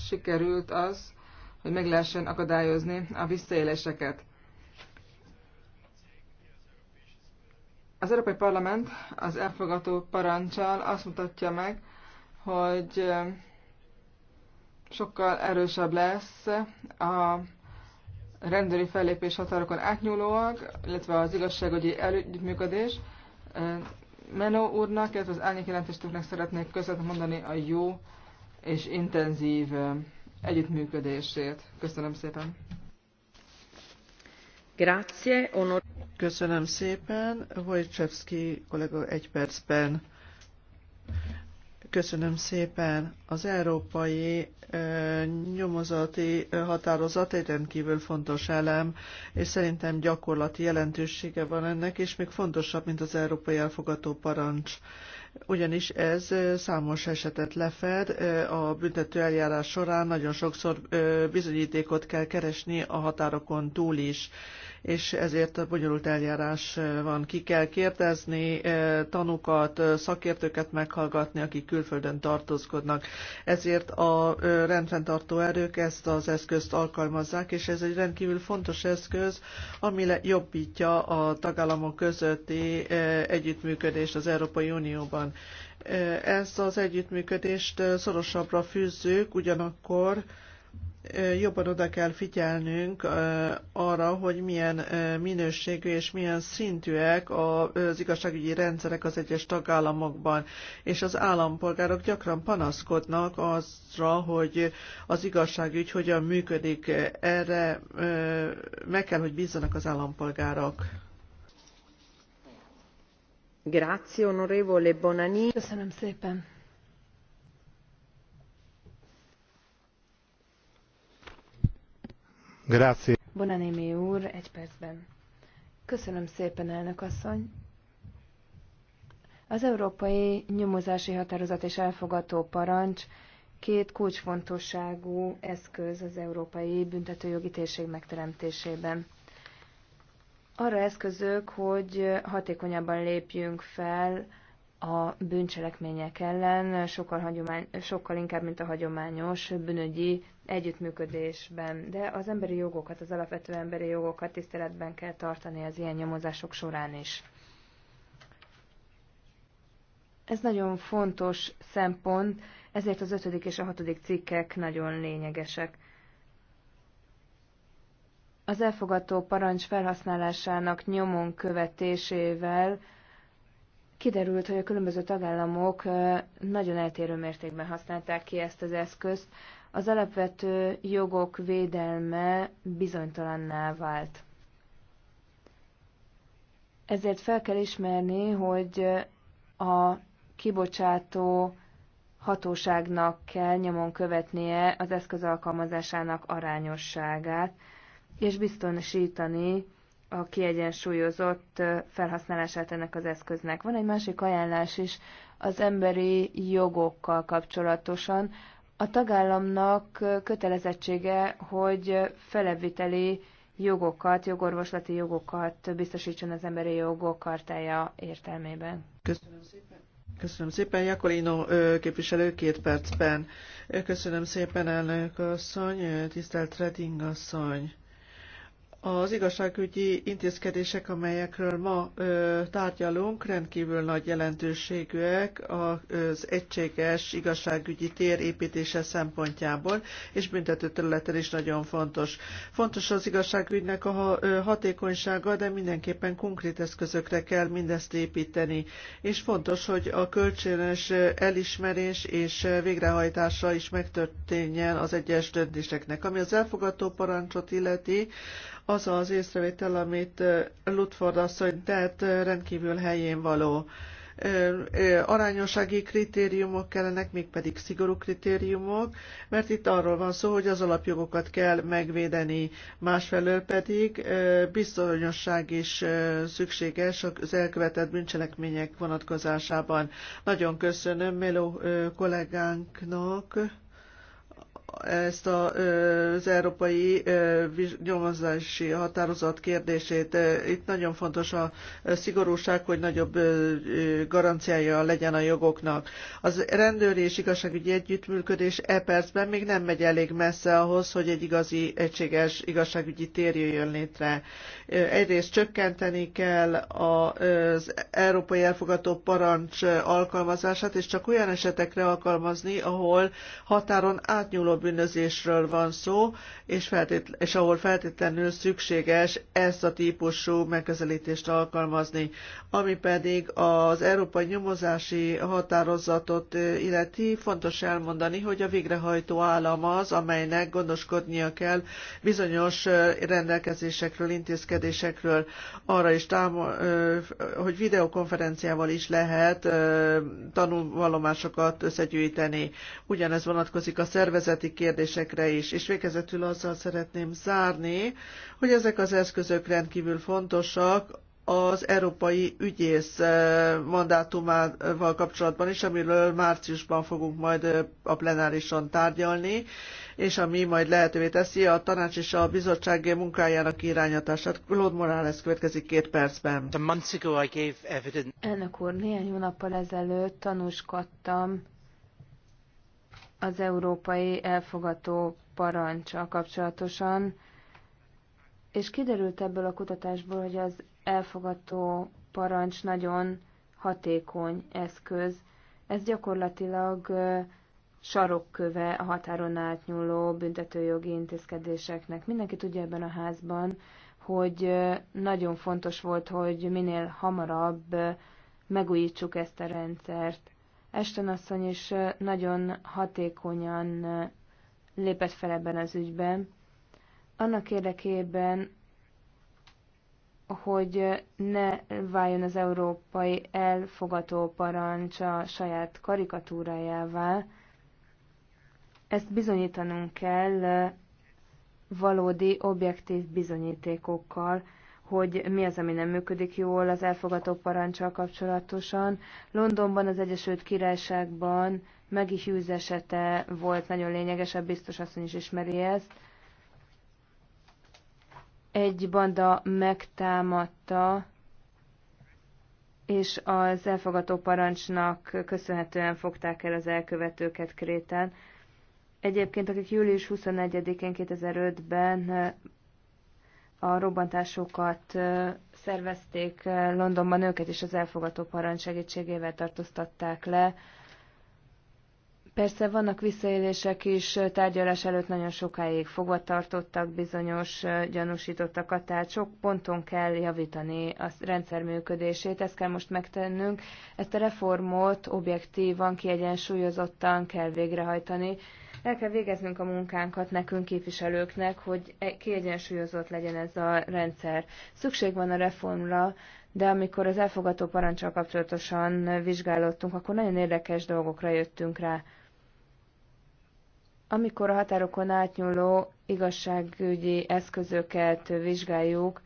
sikerült az, hogy meg lehessen akadályozni a visszaéléseket. Az Európai Parlament az elfogadó parancsal azt mutatja meg, hogy sokkal erősebb lesz a rendőri fellépés határokon átnyúlóak, illetve az igazságügyi együttműködés. Menó úrnak, illetve az árnyék jelentéstőknek szeretnék köszönet mondani a jó és intenzív együttműködését. Köszönöm szépen. Grazie, honor. Köszönöm szépen. Wojciechowski kollega egy percben. Köszönöm szépen. Az európai ö, nyomozati ö, határozat egy rendkívül fontos elem, és szerintem gyakorlati jelentősége van ennek, és még fontosabb, mint az európai elfogató parancs. Ugyanis ez számos esetet lefed, a büntető eljárás során nagyon sokszor bizonyítékot kell keresni a határokon túl is és ezért a bonyolult eljárás eh, van. Ki kell kérdezni eh, tanukat, eh, szakértőket meghallgatni, akik külföldön tartózkodnak. Ezért a rendfenntartó erők ezt az eszközt alkalmazzák, és ez egy rendkívül fontos eszköz, ami jobbítja a tagállamok közötti együttműködést az Európai Unióban. Ezt az együttműködést szorosabbra fűzzük, ugyanakkor jobban oda kell figyelnünk arra, hogy milyen minőségű és milyen szintűek az igazságügyi rendszerek az egyes tagállamokban, és az állampolgárok gyakran panaszkodnak azra, hogy az igazságügy hogyan működik. Erre meg kell, hogy bízzanak az állampolgárok. Grazie, onorevole Bonani. Köszönöm szépen. Grazie. Bonanémi úr, egy percben. Köszönöm szépen, elnök asszony. Az európai nyomozási határozat és elfogató parancs két kulcsfontosságú eszköz az európai büntetőjogi térség megteremtésében. Arra eszközök, hogy hatékonyabban lépjünk fel a bűncselekmények ellen, sokkal, hagyomány, sokkal inkább, mint a hagyományos bűnögyi együttműködésben. De az emberi jogokat, az alapvető emberi jogokat tiszteletben kell tartani az ilyen nyomozások során is. Ez nagyon fontos szempont, ezért az ötödik és a hatodik cikkek nagyon lényegesek. Az elfogadó parancs felhasználásának nyomon követésével kiderült, hogy a különböző tagállamok nagyon eltérő mértékben használták ki ezt az eszközt. Az alapvető jogok védelme bizonytalanná vált. Ezért fel kell ismerni, hogy a kibocsátó hatóságnak kell nyomon követnie az eszköz alkalmazásának arányosságát, és biztosítani a kiegyensúlyozott felhasználását ennek az eszköznek. Van egy másik ajánlás is az emberi jogokkal kapcsolatosan. A tagállamnak kötelezettsége, hogy feleviteli jogokat, jogorvoslati jogokat biztosítson az emberi jogok kartája értelmében. Köszönöm szépen. Köszönöm szépen, Jakolino képviselő két percben. Köszönöm szépen, elnök asszony, tisztelt Reding asszony. Az igazságügyi intézkedések, amelyekről ma ö, tárgyalunk, rendkívül nagy jelentőségűek az egységes igazságügyi tér építése szempontjából, és büntető területen is nagyon fontos. Fontos az igazságügynek a hatékonysága, de mindenképpen konkrét eszközökre kell mindezt építeni. És fontos, hogy a kölcsönös elismerés és végrehajtása is megtörténjen az egyes döntéseknek. Ami az elfogadó parancsot illeti, az az észrevétel, amit Lutford asszony tett, rendkívül helyén való. Arányossági kritériumok kellenek, mégpedig szigorú kritériumok, mert itt arról van szó, hogy az alapjogokat kell megvédeni, másfelől pedig bizonyosság is szükséges az elkövetett bűncselekmények vonatkozásában. Nagyon köszönöm Meló kollégánknak ezt az európai nyomozási határozat kérdését. Itt nagyon fontos a szigorúság, hogy nagyobb garanciája legyen a jogoknak. Az rendőri és igazságügyi együttműködés e percben még nem megy elég messze ahhoz, hogy egy igazi egységes igazságügyi tér jöjjön létre. Egyrészt csökkenteni kell az európai elfogadó parancs alkalmazását, és csak olyan esetekre alkalmazni, ahol határon átnyúló bűnözésről van szó, és, feltét, és ahol feltétlenül szükséges ezt a típusú megközelítést alkalmazni. Ami pedig az Európai Nyomozási Határozatot illeti, fontos elmondani, hogy a végrehajtó állam az, amelynek gondoskodnia kell bizonyos rendelkezésekről, intézkedésekről, arra is, támo- hogy videokonferenciával is lehet tanulvallomásokat összegyűjteni. Ugyanez vonatkozik a szervezeti nemzeti kérdésekre is. És végezetül azzal szeretném zárni, hogy ezek az eszközök rendkívül fontosak az európai ügyész eh, mandátumával kapcsolatban is, amiről márciusban fogunk majd eh, a plenárison tárgyalni, és ami majd lehetővé teszi a tanács és a bizottság munkájának irányatását. Claude Morales következik két percben. Elnök úr, néhány hónappal ezelőtt tanúskodtam az európai elfogató parancsal kapcsolatosan, és kiderült ebből a kutatásból, hogy az elfogató parancs nagyon hatékony eszköz. Ez gyakorlatilag sarokköve a határon átnyúló büntetőjogi intézkedéseknek. Mindenki tudja ebben a házban, hogy nagyon fontos volt, hogy minél hamarabb megújítsuk ezt a rendszert. Esten asszony is nagyon hatékonyan lépett fel ebben az ügyben, annak érdekében, hogy ne váljon az európai elfogató parancsa saját karikatúrájává, ezt bizonyítanunk kell valódi, objektív bizonyítékokkal, hogy mi az, ami nem működik jól az elfogadó parancsal kapcsolatosan. Londonban, az Egyesült Királyságban Maggie Hughes esete volt nagyon lényeges, biztos asszony is ismeri ezt. Egy banda megtámadta, és az elfogató parancsnak köszönhetően fogták el az elkövetőket Kréten. Egyébként, akik július 21-én 2005-ben a robbantásokat szervezték Londonban, őket is az elfogató parancs segítségével tartóztatták le. Persze vannak visszaélések is, tárgyalás előtt nagyon sokáig fogva tartottak bizonyos gyanúsítottakat, tehát sok ponton kell javítani a rendszer működését, ezt kell most megtennünk. Ezt a reformot objektívan, kiegyensúlyozottan kell végrehajtani, el kell végeznünk a munkánkat nekünk képviselőknek, hogy e- kiegyensúlyozott legyen ez a rendszer. Szükség van a reformra, de amikor az elfogató parancsal kapcsolatosan vizsgálódtunk, akkor nagyon érdekes dolgokra jöttünk rá. Amikor a határokon átnyúló igazságügyi eszközöket vizsgáljuk,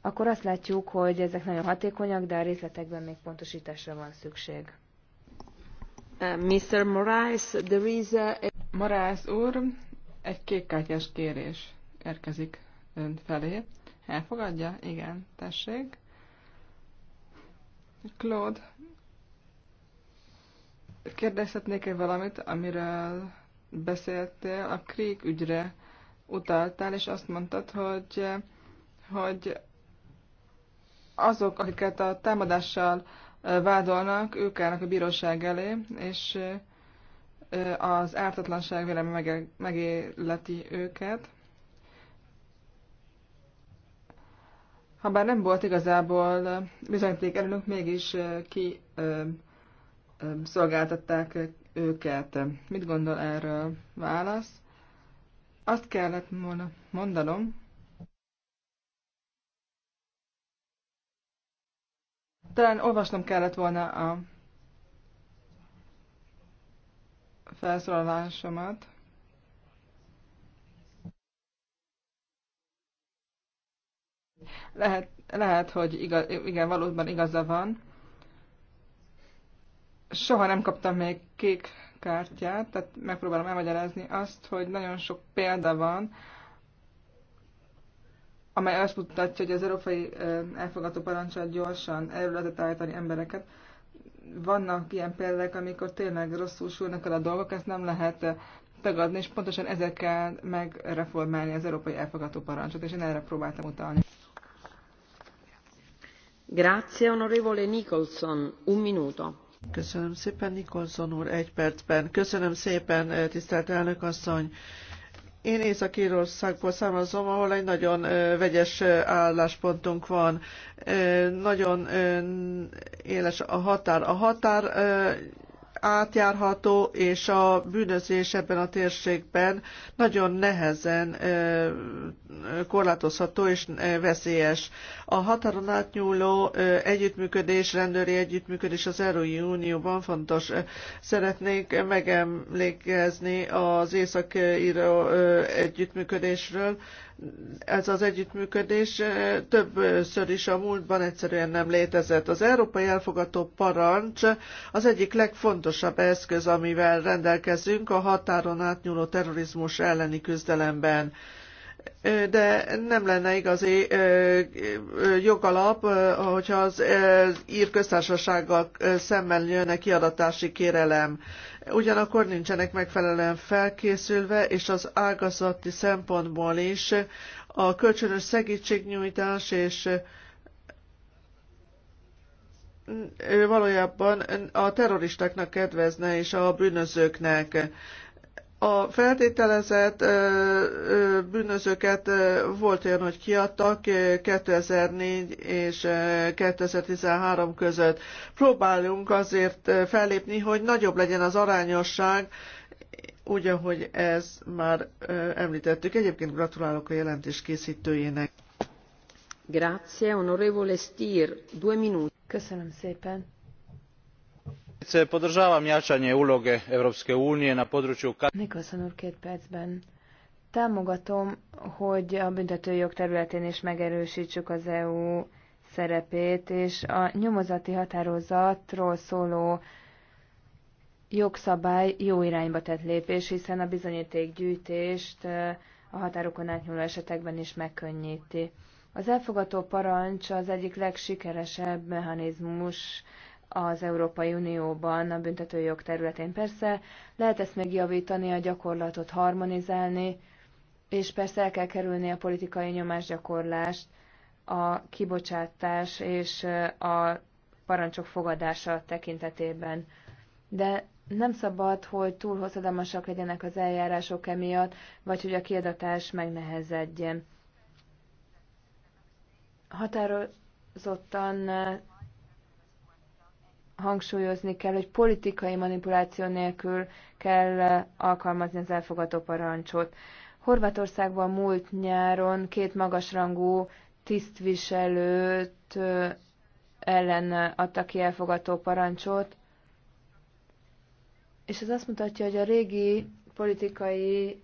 akkor azt látjuk, hogy ezek nagyon hatékonyak, de a részletekben még pontosításra van szükség. Uh, Mr. Morais, there is a... Marász úr, egy kékkártyás kérés érkezik ön felé. Elfogadja? Igen, tessék. Claude, kérdezhetnék-e valamit, amiről beszéltél? A Krieg ügyre utaltál, és azt mondtad, hogy, hogy azok, akiket a támadással vádolnak, ők állnak a bíróság elé, és az ártatlanság vélem megéleti őket. Habár nem volt igazából bizonyíték előnök, mégis ki ö, ö, szolgáltatták őket. Mit gondol erről válasz? Azt kellett volna mondanom, talán olvasnom kellett volna a felszólalásomat. Lehet, lehet hogy igaz, igen, valóban igaza van. Soha nem kaptam még kék kártyát, tehát megpróbálom elmagyarázni azt, hogy nagyon sok példa van, amely azt mutatja, hogy az európai elfogadó parancsal gyorsan lehetett állítani embereket, vannak ilyen példák, amikor tényleg rosszul sülnek el a dolgok, ezt nem lehet tagadni, és pontosan ezekkel megreformálni az európai elfogadó parancsot, és én erre próbáltam utalni. Grazie, onorevole Nicholson. Un minuto. Köszönöm szépen, Nicholson úr, egy percben. Köszönöm szépen, tisztelt elnök asszony. Én Észak-Írországból származom, ahol egy nagyon vegyes álláspontunk van. Nagyon éles a határ. A határ átjárható, és a bűnözés ebben a térségben nagyon nehezen korlátozható és veszélyes. A határon átnyúló együttműködés, rendőri együttműködés az Európai Unióban fontos. Szeretnék megemlékezni az észak együttműködésről, ez az együttműködés többször is a múltban egyszerűen nem létezett. Az Európai Elfogató Parancs az egyik legfontosabb eszköz, amivel rendelkezünk a határon átnyúló terrorizmus elleni küzdelemben de nem lenne igazi jogalap, hogyha az ír köztársasággal szemmel jönne kiadatási kérelem ugyanakkor nincsenek megfelelően felkészülve, és az ágazati szempontból is a kölcsönös segítségnyújtás és valójában a terroristáknak kedvezne és a bűnözőknek a feltételezett bűnözőket volt olyan, hogy kiadtak 2004 és 2013 között. Próbálunk azért fellépni, hogy nagyobb legyen az arányosság, úgy, ahogy ez már említettük. Egyébként gratulálok a jelentés készítőjének. Grazie, onorevole Stier. Due minuti. Köszönöm szépen podravam jaanje uloge europske unije na podruju. támogatom hogy a büntetőjog területén is megerősítsük az eu szerepét és a nyomozati határozatról szóló jogszabály jó irányba tett lépés, hiszen a bizonyítékgyűjtést a határokon átnyúló esetekben is megkönnyíti. Az elfogató parancs az egyik legsikeresebb mechanizmus az Európai Unióban a büntetőjog területén. Persze lehet ezt megjavítani, a gyakorlatot harmonizálni, és persze el kell kerülni a politikai nyomásgyakorlást, a kibocsátás és a parancsok fogadása tekintetében. De nem szabad, hogy túl hosszadalmasak legyenek az eljárások emiatt, vagy hogy a kiadatás megnehezedjen. Határozottan hangsúlyozni kell, hogy politikai manipuláció nélkül kell alkalmazni az elfogadó parancsot. Horvátországban múlt nyáron két magasrangú tisztviselőt ellen adta ki elfogadó parancsot, és ez azt mutatja, hogy a régi politikai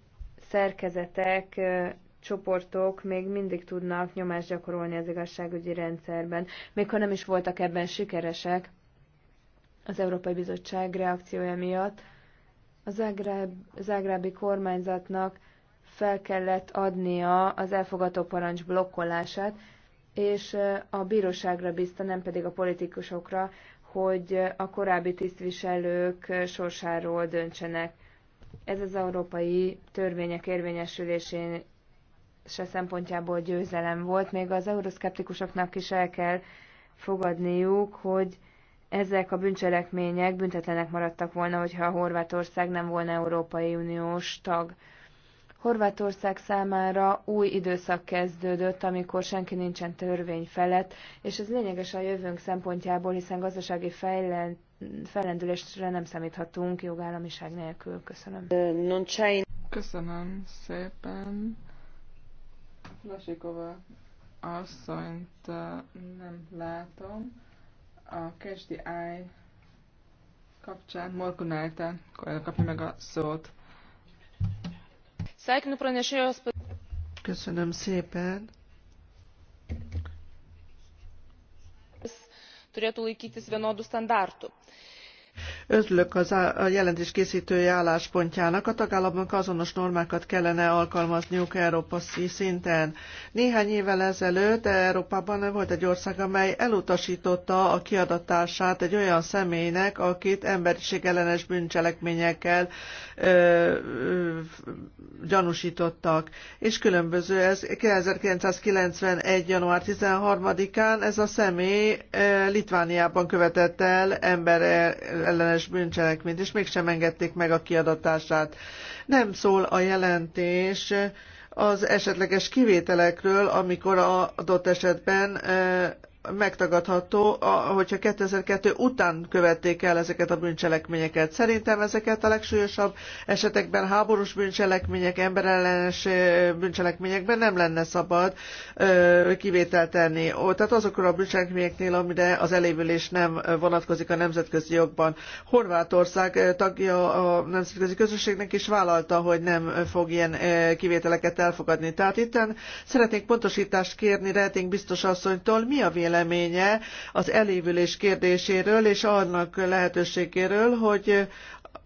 szerkezetek, csoportok még mindig tudnak nyomást gyakorolni az igazságügyi rendszerben, még ha nem is voltak ebben sikeresek az Európai Bizottság reakciója miatt. A Zágráb, zágrábi kormányzatnak fel kellett adnia az elfogadó parancs blokkolását, és a bíróságra bízta, nem pedig a politikusokra, hogy a korábbi tisztviselők sorsáról döntsenek. Ez az európai törvények érvényesülésén se szempontjából győzelem volt, még az euroszkeptikusoknak is el kell fogadniuk, hogy ezek a bűncselekmények büntetlenek maradtak volna, hogyha a Horvátország nem volna Európai Uniós tag. Horvátország számára új időszak kezdődött, amikor senki nincsen törvény felett, és ez lényeges a jövőnk szempontjából, hiszen gazdasági fejlen, fellendülésre nem számíthatunk jogállamiság nélkül. Köszönöm. Köszönöm szépen. Lasikova asszonyt nem látom a Cash the Eye kapcsán Morkun akkor kapja meg a szót. Köszönöm szépen. turėtų laikytis vienodų standartų. Örülök az a jelentés készítője álláspontjának. A tagállamnak azonos normákat kellene alkalmazniuk európai szinten. Néhány évvel ezelőtt Európában volt egy ország, amely elutasította a kiadatását egy olyan személynek, akit emberiség ellenes bűncselekményekkel ö, ö, gyanúsítottak. És különböző, ez 1991. január 13-án ez a személy ö, Litvániában követett el ember ellenes összes bűncselekményt, és mégsem engedték meg a kiadatását. Nem szól a jelentés az esetleges kivételekről, amikor adott esetben megtagadható, hogyha 2002 után követték el ezeket a bűncselekményeket. Szerintem ezeket a legsúlyosabb esetekben, háborús bűncselekmények, emberellenes bűncselekményekben nem lenne szabad kivételt tenni. tehát azokra a bűncselekményeknél, amire az elévülés nem vonatkozik a nemzetközi jogban. Horvátország tagja a nemzetközi közösségnek is vállalta, hogy nem fog ilyen kivételeket elfogadni. Tehát itten szeretnék pontosítást kérni Reting biztos asszonytól, mi a vélemény véleménye az elévülés kérdéséről és annak lehetőségéről, hogy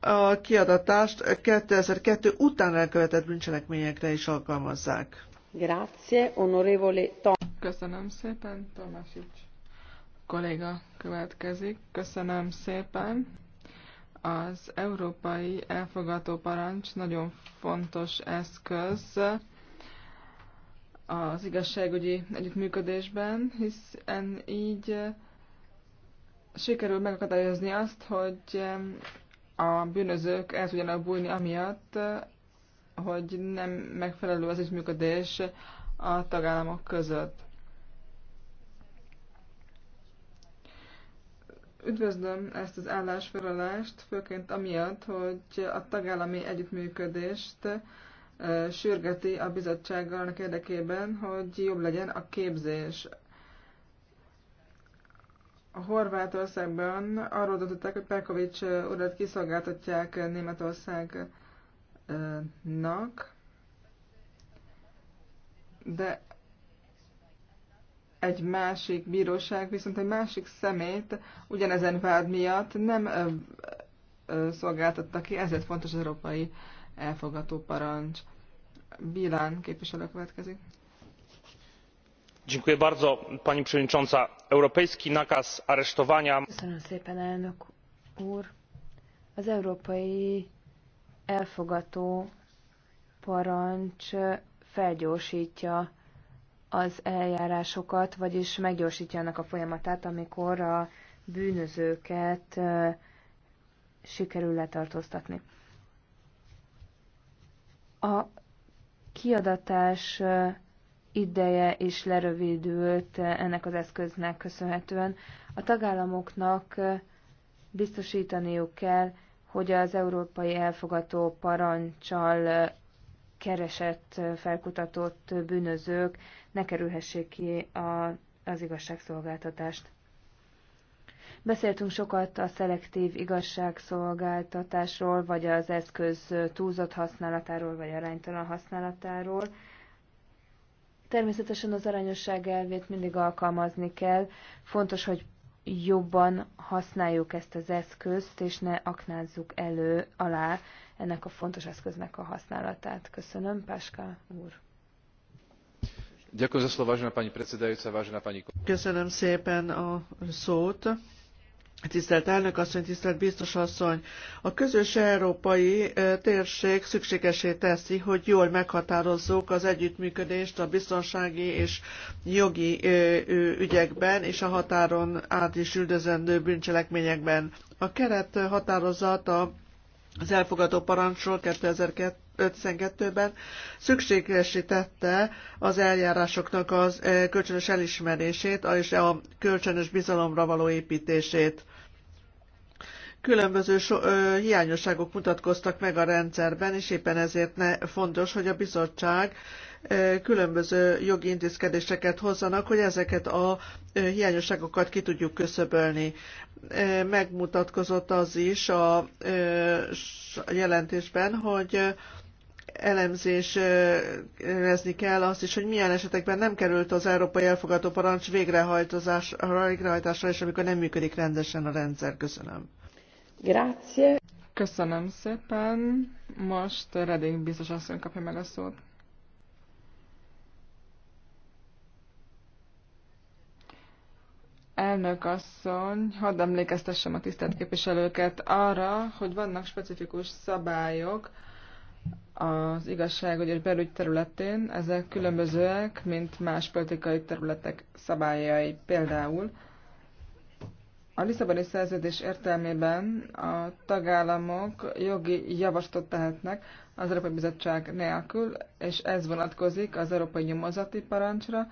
a kiadatást 2002 után elkövetett bűncselekményekre is alkalmazzák. Grazie, onorevole Tom. Köszönöm szépen, Tomasics kolléga következik. Köszönöm szépen. Az európai elfogató parancs nagyon fontos eszköz, az igazságügyi együttműködésben, hiszen így eh, sikerül megakadályozni azt, hogy eh, a bűnözők el tudjanak bújni amiatt, eh, hogy nem megfelelő az együttműködés a tagállamok között. Üdvözlöm ezt az állásfoglalást, főként amiatt, hogy a tagállami együttműködést sürgeti a bizottsággal annak érdekében, hogy jobb legyen a képzés. A Horvátországban arról döntöttek, hogy Perkovics urat kiszolgáltatják Németországnak, de egy másik bíróság, viszont egy másik szemét ugyanezen vád miatt nem szolgáltatta ki, ezért fontos az európai elfogadó parancs. Bilán képviselő következik. Dziękuję bardzo, pani przewodnicząca. Europejski nakaz aresztowania. Köszönöm szépen, elnök úr. Az európai elfogató parancs felgyorsítja az eljárásokat, vagyis meggyorsítja annak a folyamatát, amikor a bűnözőket sikerül letartóztatni. A kiadatás ideje is lerövidült ennek az eszköznek köszönhetően. A tagállamoknak biztosítaniuk kell, hogy az európai elfogató parancsal keresett, felkutatott bűnözők ne kerülhessék ki a, az igazságszolgáltatást. Beszéltünk sokat a szelektív igazságszolgáltatásról, vagy az eszköz túlzott használatáról, vagy aránytalan használatáról. Természetesen az aranyosság elvét mindig alkalmazni kell. Fontos, hogy jobban használjuk ezt az eszközt, és ne aknázzuk elő alá ennek a fontos eszköznek a használatát. Köszönöm, Páska úr. Köszönöm szépen a szót. Tisztelt elnök asszony, tisztelt biztos asszony! A közös európai térség szükségesé teszi, hogy jól meghatározzuk az együttműködést a biztonsági és jogi ügyekben és a határon át is üldözendő bűncselekményekben. A keret határozat az elfogadó parancsról 2002 52-ben szükségesé tette az eljárásoknak az kölcsönös elismerését és a kölcsönös bizalomra való építését különböző so, ö, hiányosságok mutatkoztak meg a rendszerben, és éppen ezért ne, fontos, hogy a bizottság ö, különböző jogi intézkedéseket hozzanak, hogy ezeket a ö, hiányosságokat ki tudjuk köszöbölni. Ö, megmutatkozott az is a ö, jelentésben, hogy ö, elemzésrezni kell azt is, hogy milyen esetekben nem került az európai elfogadó parancs végrehajtásra, és amikor nem működik rendesen a rendszer. Köszönöm. Grazie. Köszönöm szépen. Most Redding biztos asszony kapja meg a szót. Elnök asszony, hadd emlékeztessem a tisztelt képviselőket arra, hogy vannak specifikus szabályok az igazság, hogy belügy területén, ezek különbözőek, mint más politikai területek szabályai például a Lisszaboni szerződés értelmében a tagállamok jogi javaslatot tehetnek az Európai Bizottság nélkül, és ez vonatkozik az Európai Nyomozati Parancsra,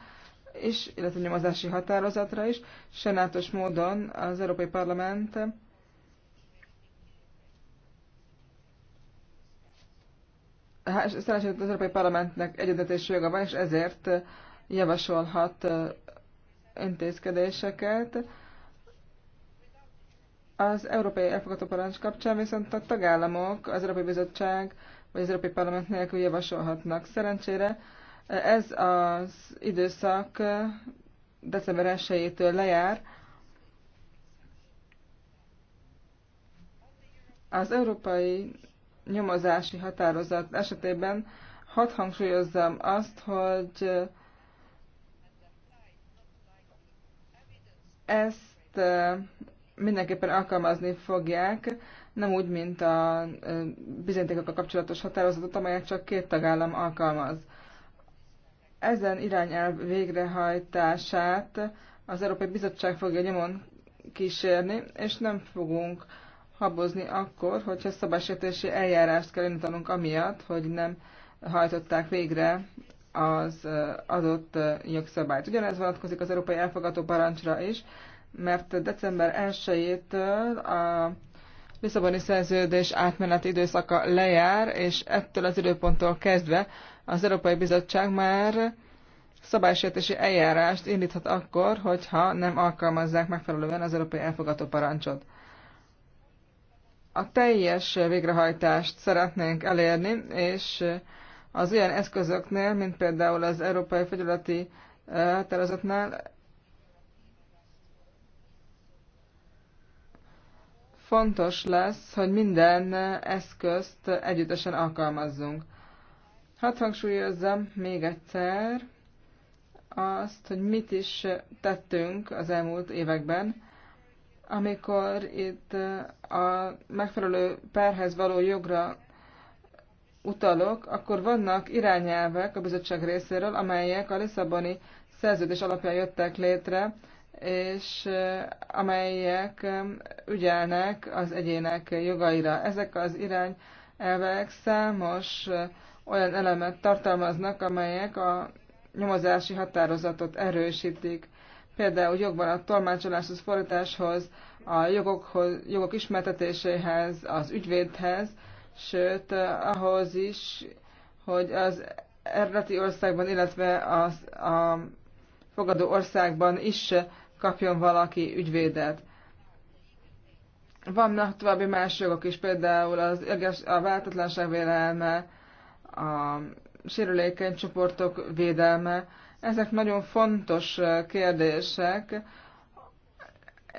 és, illetve nyomozási határozatra is. Senátos módon az Európai Parlament hát, szerencsét az Európai Parlamentnek egyedetési joga van, és ezért javasolhat intézkedéseket. Az európai elfogadó parancs kapcsán viszont a tagállamok, az Európai Bizottság vagy az Európai Parlament nélkül javasolhatnak. Szerencsére eh, ez az időszak eh, december 1-től lejár. Az európai nyomozási határozat esetében hadd hangsúlyozzam azt, hogy eh, ezt mindenképpen alkalmazni fogják, nem úgy, mint a bizonyítékokkal kapcsolatos határozatot, amelyet csak két tagállam alkalmaz. Ezen irányelv végrehajtását az Európai Bizottság fogja nyomon kísérni, és nem fogunk habozni akkor, hogyha szabálysértési eljárást kell indítanunk amiatt, hogy nem hajtották végre az adott jogszabályt. Ugyanez vonatkozik az európai elfogadó parancsra is, mert december 1-től a Lisszaboni szerződés átmeneti időszaka lejár, és ettől az időponttól kezdve az Európai Bizottság már szabálysértési eljárást indíthat akkor, hogyha nem alkalmazzák megfelelően az európai elfogadó parancsot. A teljes végrehajtást szeretnénk elérni, és az olyan eszközöknél, mint például az európai Fegyületi eh, Tervezetnél, fontos lesz, hogy minden eszközt együttesen alkalmazzunk. Hadd hangsúlyozzam még egyszer azt, hogy mit is tettünk az elmúlt években, amikor itt a megfelelő perhez való jogra utalok, akkor vannak irányelvek a bizottság részéről, amelyek a Lisszaboni szerződés alapján jöttek létre, és amelyek ügyelnek az egyének jogaira. Ezek az irány elvek számos olyan elemet tartalmaznak, amelyek a nyomozási határozatot erősítik. Például jogban a tolmácsoláshoz, fordításhoz, a jogokhoz, jogok ismertetéséhez, az ügyvédhez, sőt ahhoz is, hogy az eredeti országban, illetve az, a fogadó országban is kapjon valaki ügyvédet. Vannak további más jogok is, például az, a váltatlanság vélelme, a sérülékeny csoportok védelme. Ezek nagyon fontos kérdések,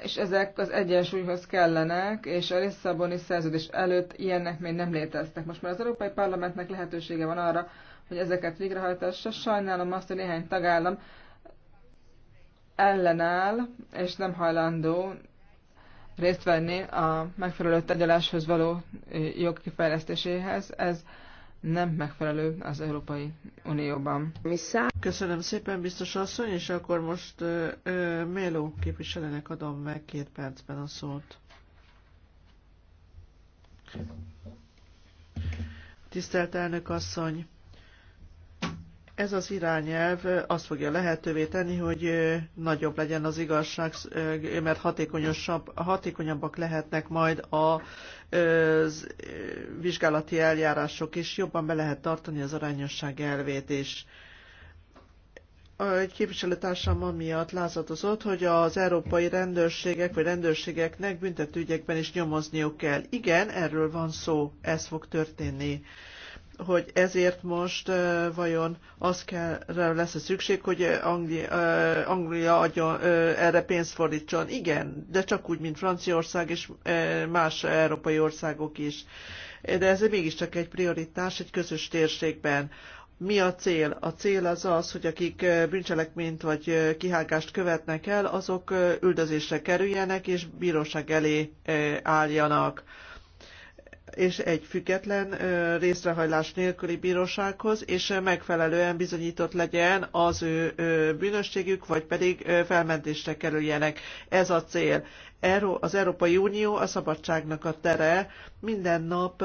és ezek az egyensúlyhoz kellenek, és a Lisszaboni szerződés előtt ilyenek még nem léteztek. Most már az Európai Parlamentnek lehetősége van arra, hogy ezeket végrehajtassa. Sajnálom azt, hogy néhány tagállam ellenáll, és nem hajlandó részt venni a megfelelő tegyeláshoz való jog kifejlesztéséhez. Ez nem megfelelő az Európai Unióban. Köszönöm szépen, biztos asszony, és akkor most uh, uh, Méló képviselőnek adom meg két percben a szót. Tisztelt elnök asszony! Ez az irányelv azt fogja lehetővé tenni, hogy nagyobb legyen az igazság, mert hatékonyosabb, hatékonyabbak lehetnek majd a vizsgálati eljárások, és jobban be lehet tartani az arányosság elvét is egy képviselőtársam amiatt lázadozott, hogy az európai rendőrségek vagy rendőrségeknek büntetőügyekben is nyomozniuk kell. Igen, erről van szó, ez fog történni hogy ezért most vajon az kell, lesz a szükség, hogy Anglia, Anglia adjon, erre pénzt fordítson. Igen, de csak úgy, mint Franciaország és más európai országok is. De ez mégiscsak egy prioritás egy közös térségben. Mi a cél? A cél az az, hogy akik bűncselekményt vagy kihágást követnek el, azok üldözésre kerüljenek és bíróság elé álljanak és egy független részrehajlás nélküli bírósághoz, és megfelelően bizonyított legyen az ő bűnösségük, vagy pedig felmentésre kerüljenek. Ez a cél. Az Európai Unió a szabadságnak a tere. Minden nap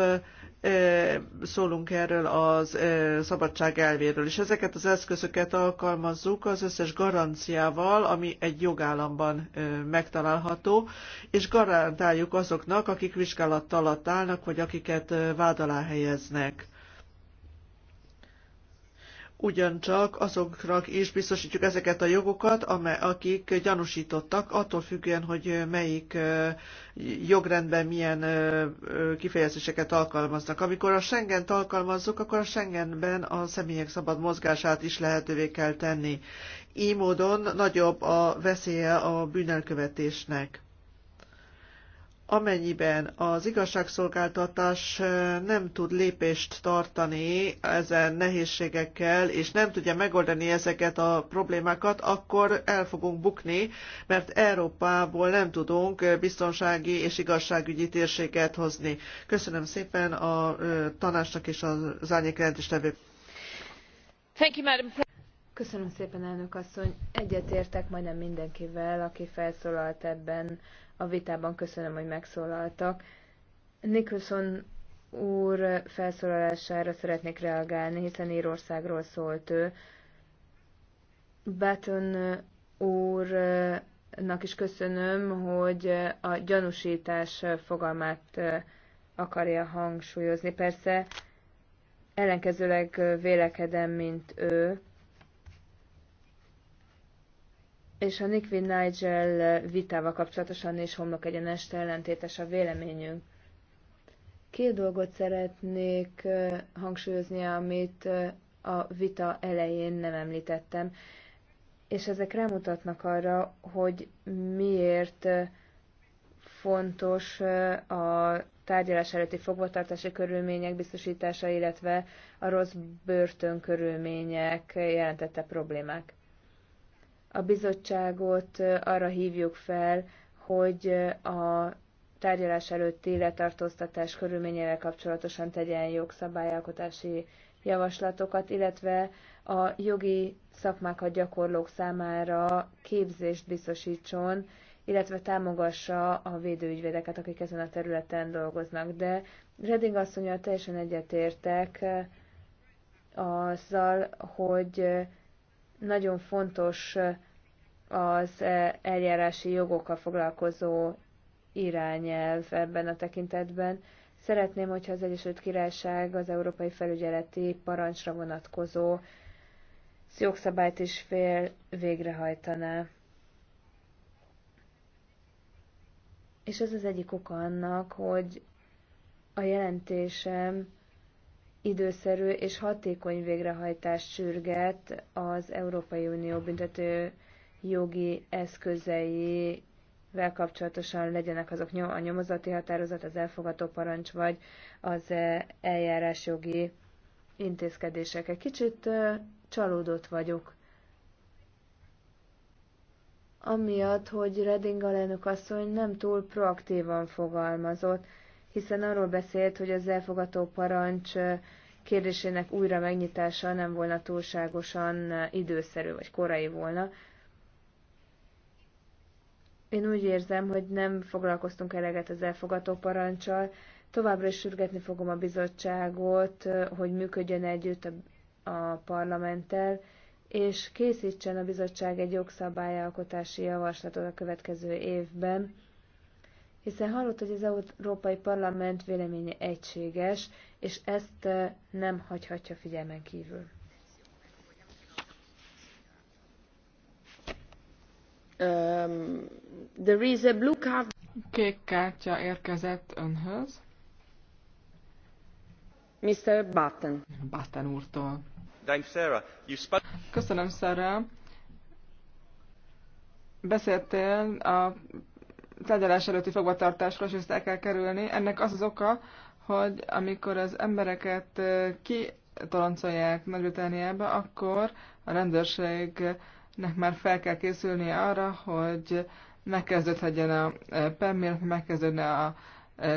szólunk erről az szabadság elvéről, és ezeket az eszközöket alkalmazzuk az összes garanciával, ami egy jogállamban megtalálható, és garantáljuk azoknak, akik vizsgálat alatt állnak, vagy akiket vád alá helyeznek ugyancsak azoknak is biztosítjuk ezeket a jogokat, amely, akik gyanúsítottak, attól függően, hogy melyik jogrendben milyen kifejezéseket alkalmaznak. Amikor a schengen alkalmazzuk, akkor a Schengenben a személyek szabad mozgását is lehetővé kell tenni. Így módon nagyobb a veszélye a bűnelkövetésnek amennyiben az igazságszolgáltatás nem tud lépést tartani ezen nehézségekkel, és nem tudja megoldani ezeket a problémákat, akkor el fogunk bukni, mert Európából nem tudunk biztonsági és igazságügyi térséget hozni. Köszönöm szépen a tanácsnak és az árnyék jelentéstevők. Köszönöm szépen, elnök asszony. Egyetértek majdnem mindenkivel, aki felszólalt ebben a vitában. Köszönöm, hogy megszólaltak. Nicholson úr felszólalására szeretnék reagálni, hiszen Írországról szólt ő. Batten úrnak is köszönöm, hogy a gyanúsítás fogalmát akarja hangsúlyozni. Persze ellenkezőleg vélekedem, mint ő. és a Nikvi Nigel vitával kapcsolatosan is homlok egyenes ellentétes a véleményünk. Két dolgot szeretnék hangsúlyozni, amit a vita elején nem említettem, és ezek rámutatnak arra, hogy miért fontos a tárgyalás előtti fogvatartási körülmények biztosítása, illetve a rossz börtön körülmények jelentette problémák. A bizottságot arra hívjuk fel, hogy a tárgyalás előtti letartóztatás körülményével kapcsolatosan tegyen jogszabályalkotási javaslatokat, illetve a jogi szakmákat gyakorlók számára képzést biztosítson, illetve támogassa a védőügyvédeket, akik ezen a területen dolgoznak. De Redding asszonyal teljesen egyetértek azzal, hogy nagyon fontos az eljárási jogokkal foglalkozó irányelv ebben a tekintetben. Szeretném, hogyha az Egyesült Királyság az Európai Felügyeleti Parancsra vonatkozó jogszabályt is fél végrehajtaná. És ez az egyik oka annak, hogy a jelentésem időszerű és hatékony végrehajtást sürget az Európai Unió büntető jogi eszközei vel kapcsolatosan legyenek azok a nyomozati határozat, az elfogadó parancs, vagy az e, eljárásjogi intézkedések. Egy kicsit e, csalódott vagyok. Amiatt, hogy Reding alelnök asszony nem túl proaktívan fogalmazott, hiszen arról beszélt, hogy az elfogató parancs e, kérdésének újra megnyitása nem volna túlságosan időszerű, vagy korai volna. Én úgy érzem, hogy nem foglalkoztunk eleget az elfogató parancsal. Továbbra is sürgetni fogom a bizottságot, hogy működjön együtt a, a parlamenttel, és készítsen a bizottság egy jogszabályalkotási javaslatot a következő évben, hiszen hallott, hogy az Európai Parlament véleménye egységes, és ezt nem hagyhatja figyelmen kívül. Um, there is a blue card. Kék kártya érkezett önhöz. Mr. Button. Button úrtól. Thanks, Sarah. You Köszönöm, Sarah. Beszéltél a tárgyalás előtti fogvatartásra, és ezt el kell kerülni. Ennek az az oka, hogy amikor az embereket kitoloncolják Nagy-Britániába, akkor a rendőrségnek már fel kell készülnie arra, hogy megkezdődhetjen a permér, megkezdődne a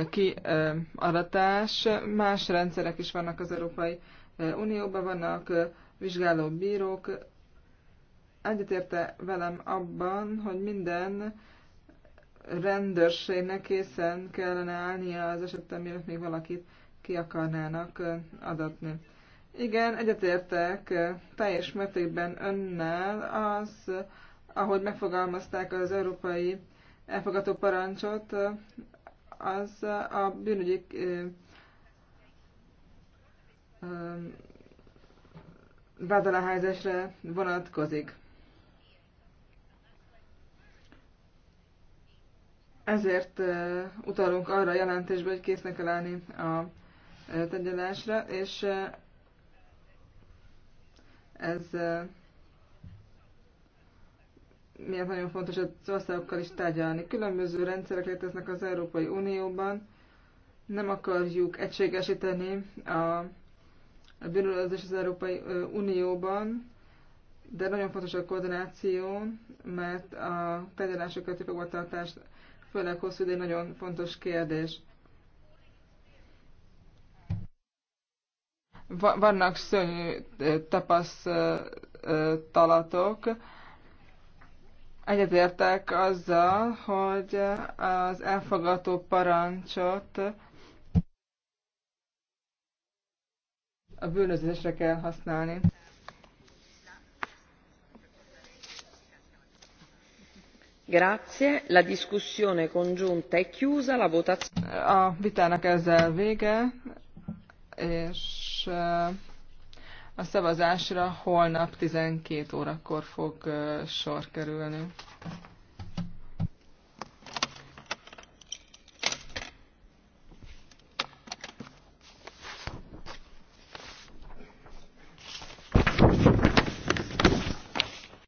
kiadatás. Más rendszerek is vannak az Európai Unióban, vannak vizsgáló bírók. Egyetérte velem abban, hogy minden rendőrségnek készen kellene állnia az esetben, mielőtt még valakit ki akarnának adatni. Igen, egyetértek teljes mértékben önnel az, ahogy megfogalmazták az európai elfogató parancsot, az a bűnügyi vádaláházásra vonatkozik. ezért utalunk arra a jelentésbe, hogy késznek kell állni a tegyelásra, és ez miért nagyon fontos az országokkal is tárgyalni. Különböző rendszerek léteznek az Európai Unióban, nem akarjuk egységesíteni a bűnölözés az Európai Unióban, de nagyon fontos a koordináció, mert a tárgyalások a tartás főleg hosszú idő nagyon fontos kérdés. Vannak szörnyű tapasztalatok. Egyetértek azzal, hogy az elfogadó parancsot a bűnözésre kell használni. la discussione a vitának ezzel vége és a szavazásra holnap twelve órakor fog sor kerülni.